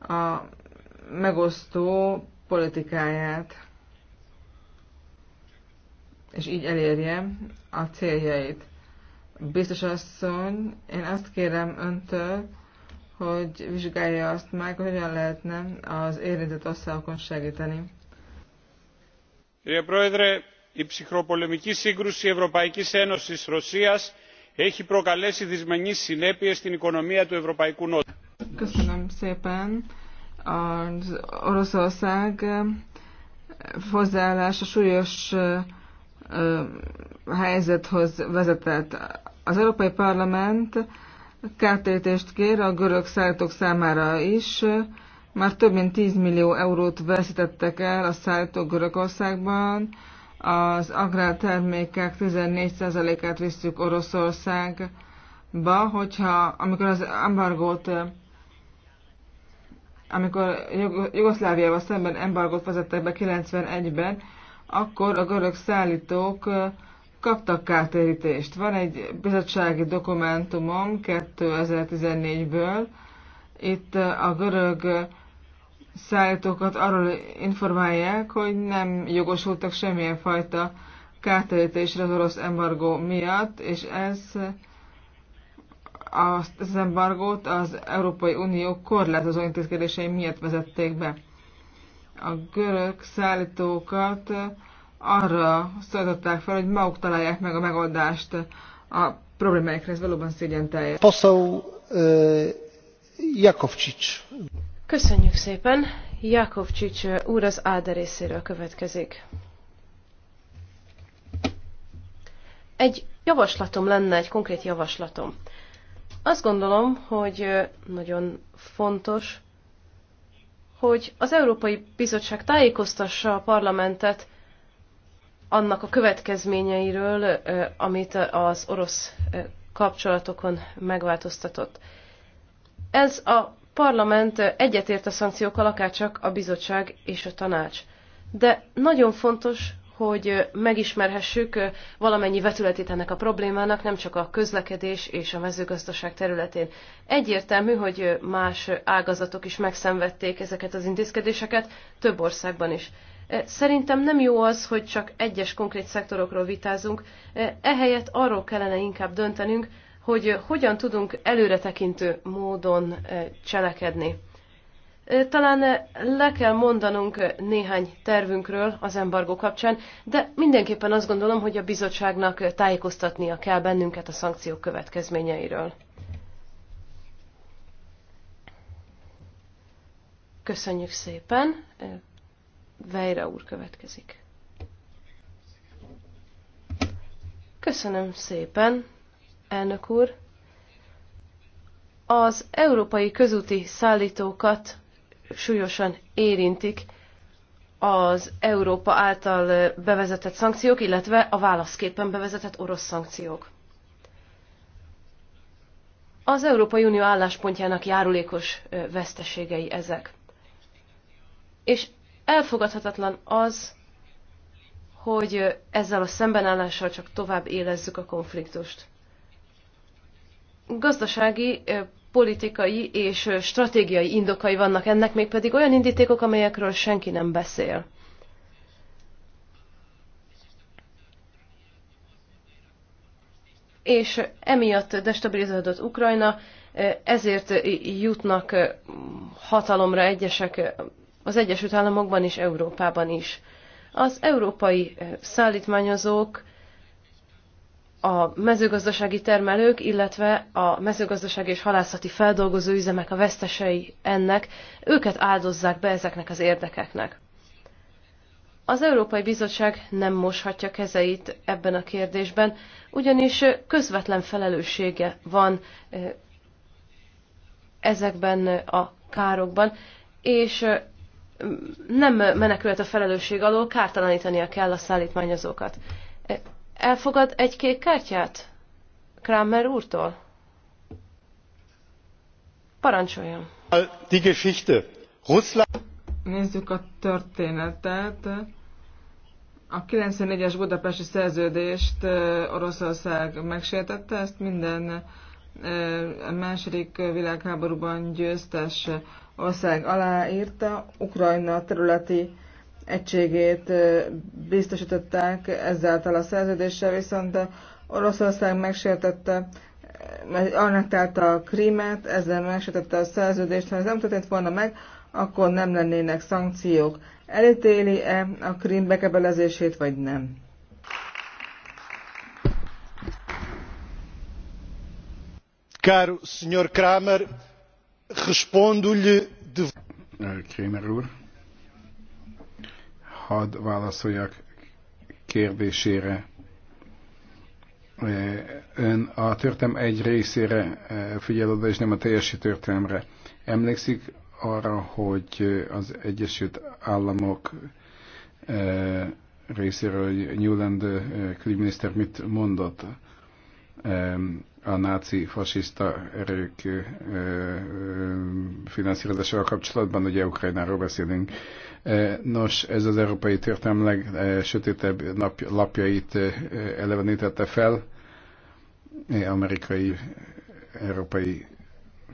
a megosztó politikáját, és így elérje a céljait. Biztos asszony, én azt kérem öntől, hogy vizsgálja azt meg, hogy hogyan lehetne az érintett országokon segíteni. Κύριε Πρόεδρε, η ψυχροπολεμική σύγκρουση Ευρωπαϊκής Ένωσης-Ρωσίας έχει προκαλέσει δυσμενείς συνέπειες στην οικονομία του Ευρωπαϊκού Νότου. Köszönöm szépen. Az Oroszország hozzáállása súlyos helyzethoz vezetett. Az Európai Parlament kártérítést kér a görög szállítók számára is. Már több mint 10 millió eurót veszítettek el a szállítók Görögországban az agrártermékek 14%-át visszük Oroszországba, hogyha amikor az embargót amikor Jugoszláviával szemben embargót vezettek be 91-ben, akkor a görög szállítók kaptak kártérítést. Van egy bizottsági dokumentumom 2014-ből, itt a görög szállítókat arról informálják, hogy nem jogosultak semmilyen fajta kártérítésre az orosz embargó miatt, és ez azt, az embargót az Európai Unió korlátozó intézkedései miatt vezették be. A görög szállítókat arra szólították fel, hogy maguk találják meg a megoldást a problémáikra, ez valóban szégyen teljes. Poszó e, Jakovcsics. Köszönjük szépen. Jakov Csics úr az Áder részéről következik. Egy javaslatom lenne, egy konkrét javaslatom. Azt gondolom, hogy nagyon fontos, hogy az Európai Bizottság tájékoztassa a parlamentet annak a következményeiről, amit az orosz kapcsolatokon megváltoztatott. Ez a parlament egyetért a szankciókkal, akárcsak a bizottság és a tanács. De nagyon fontos, hogy megismerhessük valamennyi vetületét ennek a problémának, nem csak a közlekedés és a mezőgazdaság területén. Egyértelmű, hogy más ágazatok is megszenvedték ezeket az intézkedéseket, több országban is. Szerintem nem jó az, hogy csak egyes konkrét szektorokról vitázunk, ehelyett arról kellene inkább döntenünk, hogy hogyan tudunk előretekintő módon eh, cselekedni. Eh, talán eh, le kell mondanunk néhány tervünkről az embargó kapcsán, de mindenképpen azt gondolom, hogy a bizottságnak tájékoztatnia kell bennünket a szankciók következményeiről. Köszönjük szépen. Vejra úr következik. Köszönöm szépen elnök úr. Az európai közúti szállítókat súlyosan érintik az Európa által bevezetett szankciók, illetve a válaszképpen bevezetett orosz szankciók. Az Európai Unió álláspontjának járulékos veszteségei ezek. És elfogadhatatlan az, hogy ezzel a szembenállással csak tovább élezzük a konfliktust gazdasági, politikai és stratégiai indokai vannak ennek, mégpedig olyan indítékok, amelyekről senki nem beszél. És emiatt destabilizálódott Ukrajna, ezért jutnak hatalomra egyesek az Egyesült Államokban és Európában is. Az európai szállítmányozók a mezőgazdasági termelők, illetve a mezőgazdasági és halászati feldolgozóüzemek a vesztesei ennek, őket áldozzák be ezeknek az érdekeknek. Az Európai Bizottság nem moshatja kezeit ebben a kérdésben, ugyanis közvetlen felelőssége van ezekben a károkban, és nem menekülhet a felelősség alól, kártalanítania kell a szállítmányozókat. Elfogad egy kék kártyát? Kramer úrtól? Parancsoljon. Die Geschichte. Russland... Nézzük a történetet. A 94-es budapesti szerződést Oroszország megsértette, ezt minden a második világháborúban győztes ország aláírta, Ukrajna területi egységét biztosították ezáltal a szerződéssel, viszont Oroszország megsértette annak a krímet, ezzel megsértette a szerződést, ha ez nem történt volna meg, akkor nem lennének szankciók. Elítéli-e a krím bekebelezését, vagy nem? Caro Sr. Kramer, respondul lhe de... Kramer úr, hadd válaszoljak kérdésére. Ön a történelem egy részére eh, figyel oda, és nem a teljes történelmre. Emlékszik arra, hogy az Egyesült Államok eh, részéről Newland eh, külügyminiszter mit mondott a náci fasiszta erők finanszírozásával kapcsolatban, ugye Ukrajnáról beszélünk, E, nos, ez az európai történelem legsötétebb lapjait e, elevenítette fel e, amerikai, európai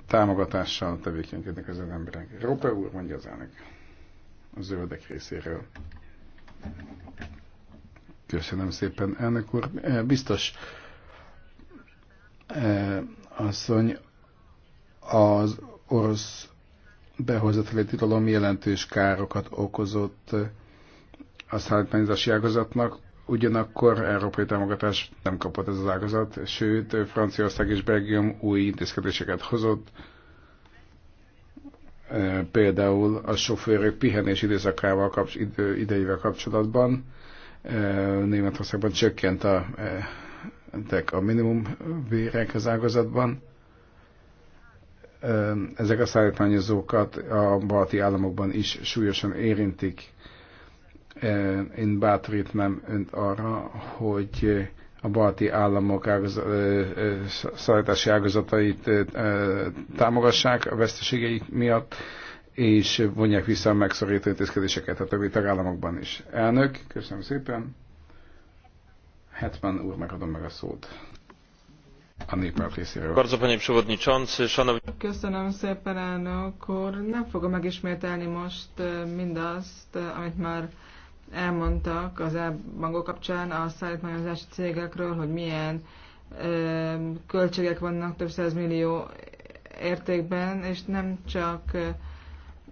támogatással tevékenykednek az emberek. Róper úr, mondja az elnök a zöldek részéről. Köszönöm szépen, elnök úr. Biztos asszony az orosz behozatali tilalom jelentős károkat okozott a szállítmányzási ágazatnak, ugyanakkor európai támogatást nem kapott ez az ágazat, sőt Franciaország és Belgium új intézkedéseket hozott, például a sofőrök pihenés időszakával kapcs- idejével kapcsolatban. Németországban csökkent a, a minimum vérek az ágazatban ezek a szállítmányozókat a balti államokban is súlyosan érintik. Én bátorítnám önt arra, hogy a balti államok szállítási ágazatait támogassák a veszteségeik miatt, és vonják vissza a megszorító intézkedéseket a többi tagállamokban is. Elnök, köszönöm szépen. 70 úr, megadom meg a szót a néppárt részéről. Köszönöm szépen, elnök úr. Nem fogom megismételni most mindazt, amit már elmondtak az elmagó kapcsán a szállítmányozási cégekről, hogy milyen ö, költségek vannak több millió értékben, és nem csak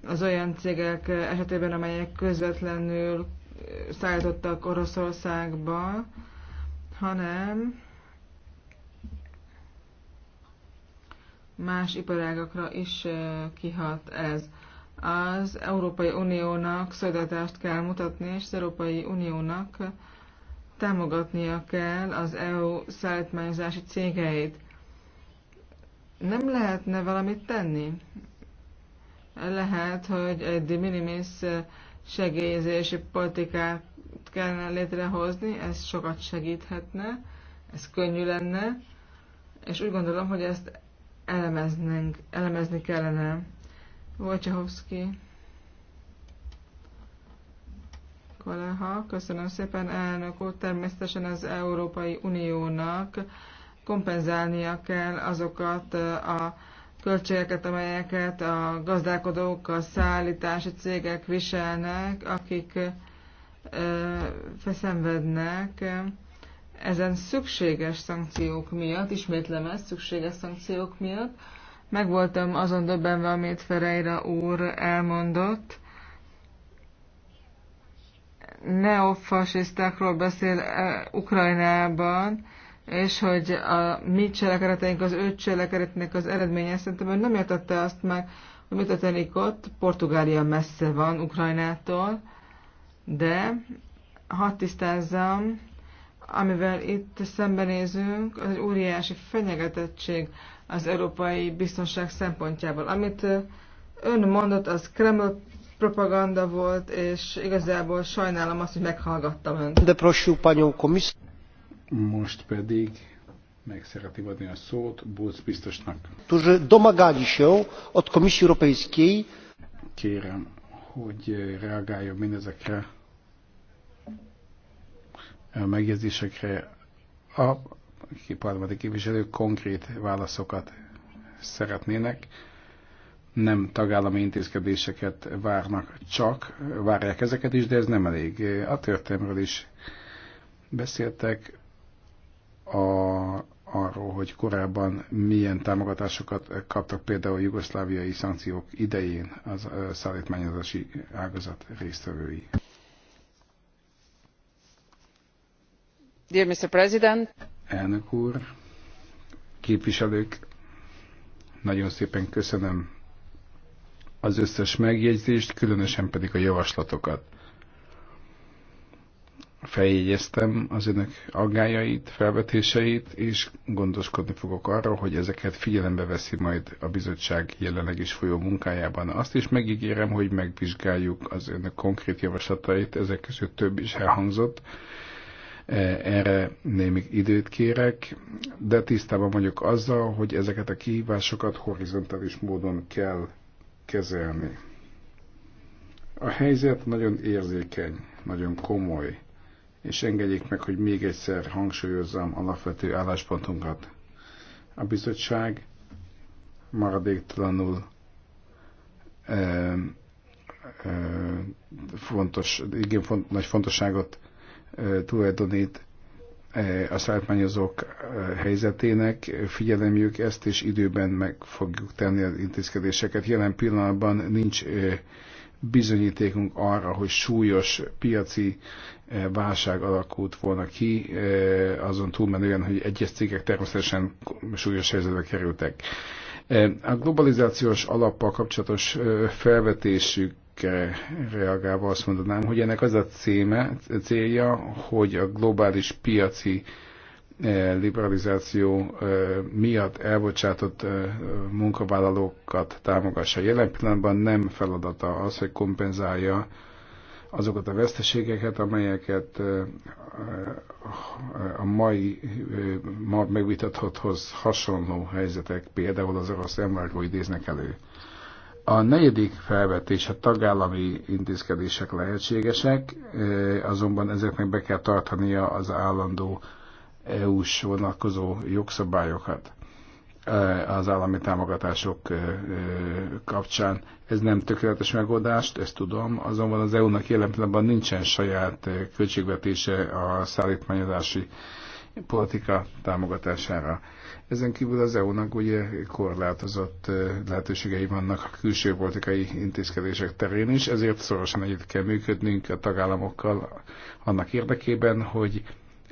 az olyan cégek esetében, amelyek közvetlenül szállítottak Oroszországba, hanem más iparágakra is kihat ez. Az Európai Uniónak szolidatást kell mutatni, és az Európai Uniónak támogatnia kell az EU szállítmányozási cégeit. Nem lehetne valamit tenni? Lehet, hogy egy de minimis segélyezési politikát kellene létrehozni, ez sokat segíthetne, ez könnyű lenne, és úgy gondolom, hogy ezt elemeznünk, elemezni kellene. Wojciechowski Koleha, köszönöm szépen elnök úr, természetesen az Európai Uniónak kompenzálnia kell azokat eh, a költségeket, amelyeket a gazdálkodók, a szállítási cégek viselnek, akik eh, feszenvednek ezen szükséges szankciók miatt, ismétlem ezt, szükséges szankciók miatt, meg voltam azon döbbenve, amit Ferreira úr elmondott. Neofasisztákról beszél uh, Ukrajnában, és hogy a mi cselekedeteink, az ő cselekedetnek az eredménye, szerintem ő nem értette azt meg, hogy mit történik ott. Portugália messze van Ukrajnától, de hadd tisztázzam, amivel itt szembenézünk, az egy óriási fenyegetettség az európai biztonság szempontjából. Amit ön mondott, az Kreml propaganda volt, és igazából sajnálom azt, hogy meghallgattam önt. De prosú, panyó komis... Most pedig meg szeretném adni a szót Bulc biztosnak. Domagali się od Komisji Europejskiej. Kérem, hogy reagáljon mindezekre megjegyzésekre a parlamenti képviselők konkrét válaszokat szeretnének, nem tagállami intézkedéseket várnak csak, várják ezeket is, de ez nem elég. A történelmről is beszéltek, a, arról, hogy korábban milyen támogatásokat kaptak például a jugoszláviai szankciók idején az szállítmányozási ágazat résztvevői. Dear Mr. President. Elnök úr, képviselők, nagyon szépen köszönöm az összes megjegyzést, különösen pedig a javaslatokat. Feljegyeztem az önök aggájait, felvetéseit, és gondoskodni fogok arról, hogy ezeket figyelembe veszi majd a bizottság jelenleg is folyó munkájában. Azt is megígérem, hogy megvizsgáljuk az önök konkrét javaslatait, ezek között több is elhangzott, E, erre némi időt kérek, de tisztában vagyok azzal, hogy ezeket a kihívásokat horizontális módon kell kezelni. A helyzet nagyon érzékeny, nagyon komoly, és engedjék meg, hogy még egyszer hangsúlyozzam alapvető álláspontunkat. A bizottság maradéktalanul ö, e, ö, e, fontos, igen font, nagy fontosságot tulajdonít a szállítmányozók helyzetének, figyelemjük ezt, és időben meg fogjuk tenni az intézkedéseket. Jelen pillanatban nincs bizonyítékunk arra, hogy súlyos piaci válság alakult volna ki, azon túlmenően, hogy egyes cégek természetesen súlyos helyzetbe kerültek. A globalizációs alappal kapcsolatos felvetésük reagálva azt mondanám, hogy ennek az a címe, célja, hogy a globális piaci eh, liberalizáció eh, miatt elbocsátott eh, munkavállalókat támogassa. Jelen pillanatban nem feladata az, hogy kompenzálja azokat a veszteségeket, amelyeket a mai, ma megvitathathoz hasonló helyzetek, például az orosz embargo idéznek elő. A negyedik felvetés a tagállami intézkedések lehetségesek, azonban ezeknek be kell tartania az állandó EU-s vonatkozó jogszabályokat az állami támogatások kapcsán. Ez nem tökéletes megoldást, ezt tudom, azonban az EU-nak jelen pillanatban nincsen saját költségvetése a szállítmányozási politika támogatására. Ezen kívül az EU-nak ugye korlátozott lehetőségei vannak a külső politikai intézkedések terén is, ezért szorosan együtt kell működnünk a tagállamokkal annak érdekében, hogy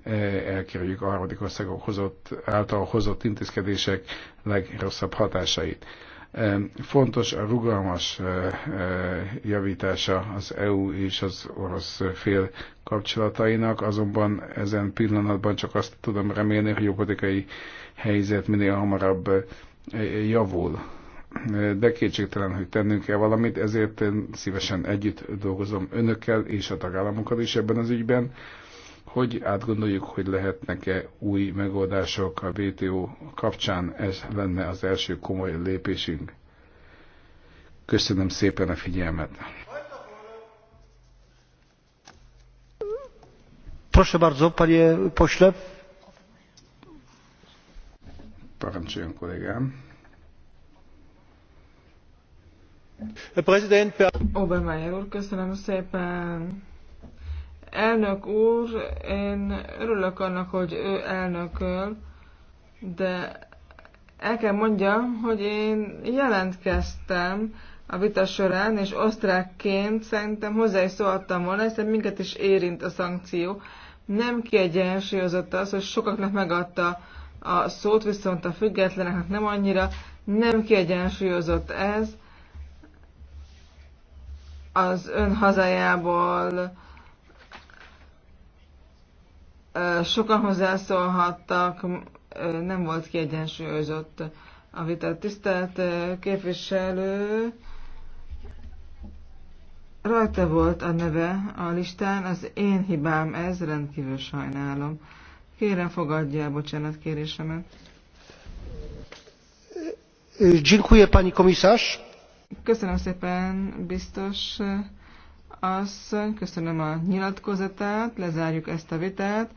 elkerüljük a harmadik országok hozott, által hozott intézkedések legrosszabb hatásait. Fontos a rugalmas eh, eh, javítása az EU és az orosz fél kapcsolatainak, azonban ezen pillanatban csak azt tudom remélni, hogy a politikai helyzet minél hamarabb eh, javul. De kétségtelen, hogy tennünk kell valamit, ezért én szívesen együtt dolgozom önökkel és a tagállamokkal is ebben az ügyben hogy átgondoljuk, hogy lehetnek-e új megoldások a WTO kapcsán, ez lenne az első komoly lépésünk. Köszönöm szépen a figyelmet. Proszę bardzo, panie pośle. Parancsoljon kollégám. Obama úr, köszönöm szépen Elnök úr, én örülök annak, hogy ő elnököl, de el kell mondjam, hogy én jelentkeztem a vita során, és osztrákként szerintem hozzá is szóltam volna, hiszen minket is érint a szankció. Nem kiegyensúlyozott az, hogy sokaknak megadta a szót, viszont a függetleneknek nem annyira. Nem kiegyensúlyozott ez. Az ön hazájából sokan hozzászólhattak, nem volt kiegyensúlyozott a vita. Tisztelt képviselő, rajta volt a neve a listán, az én hibám ez, rendkívül sajnálom. Kérem, fogadja el kérésemet. Dziękuję, pani komisarz. Köszönöm szépen, biztos asszony, köszönöm a nyilatkozatát, lezárjuk ezt a vitát.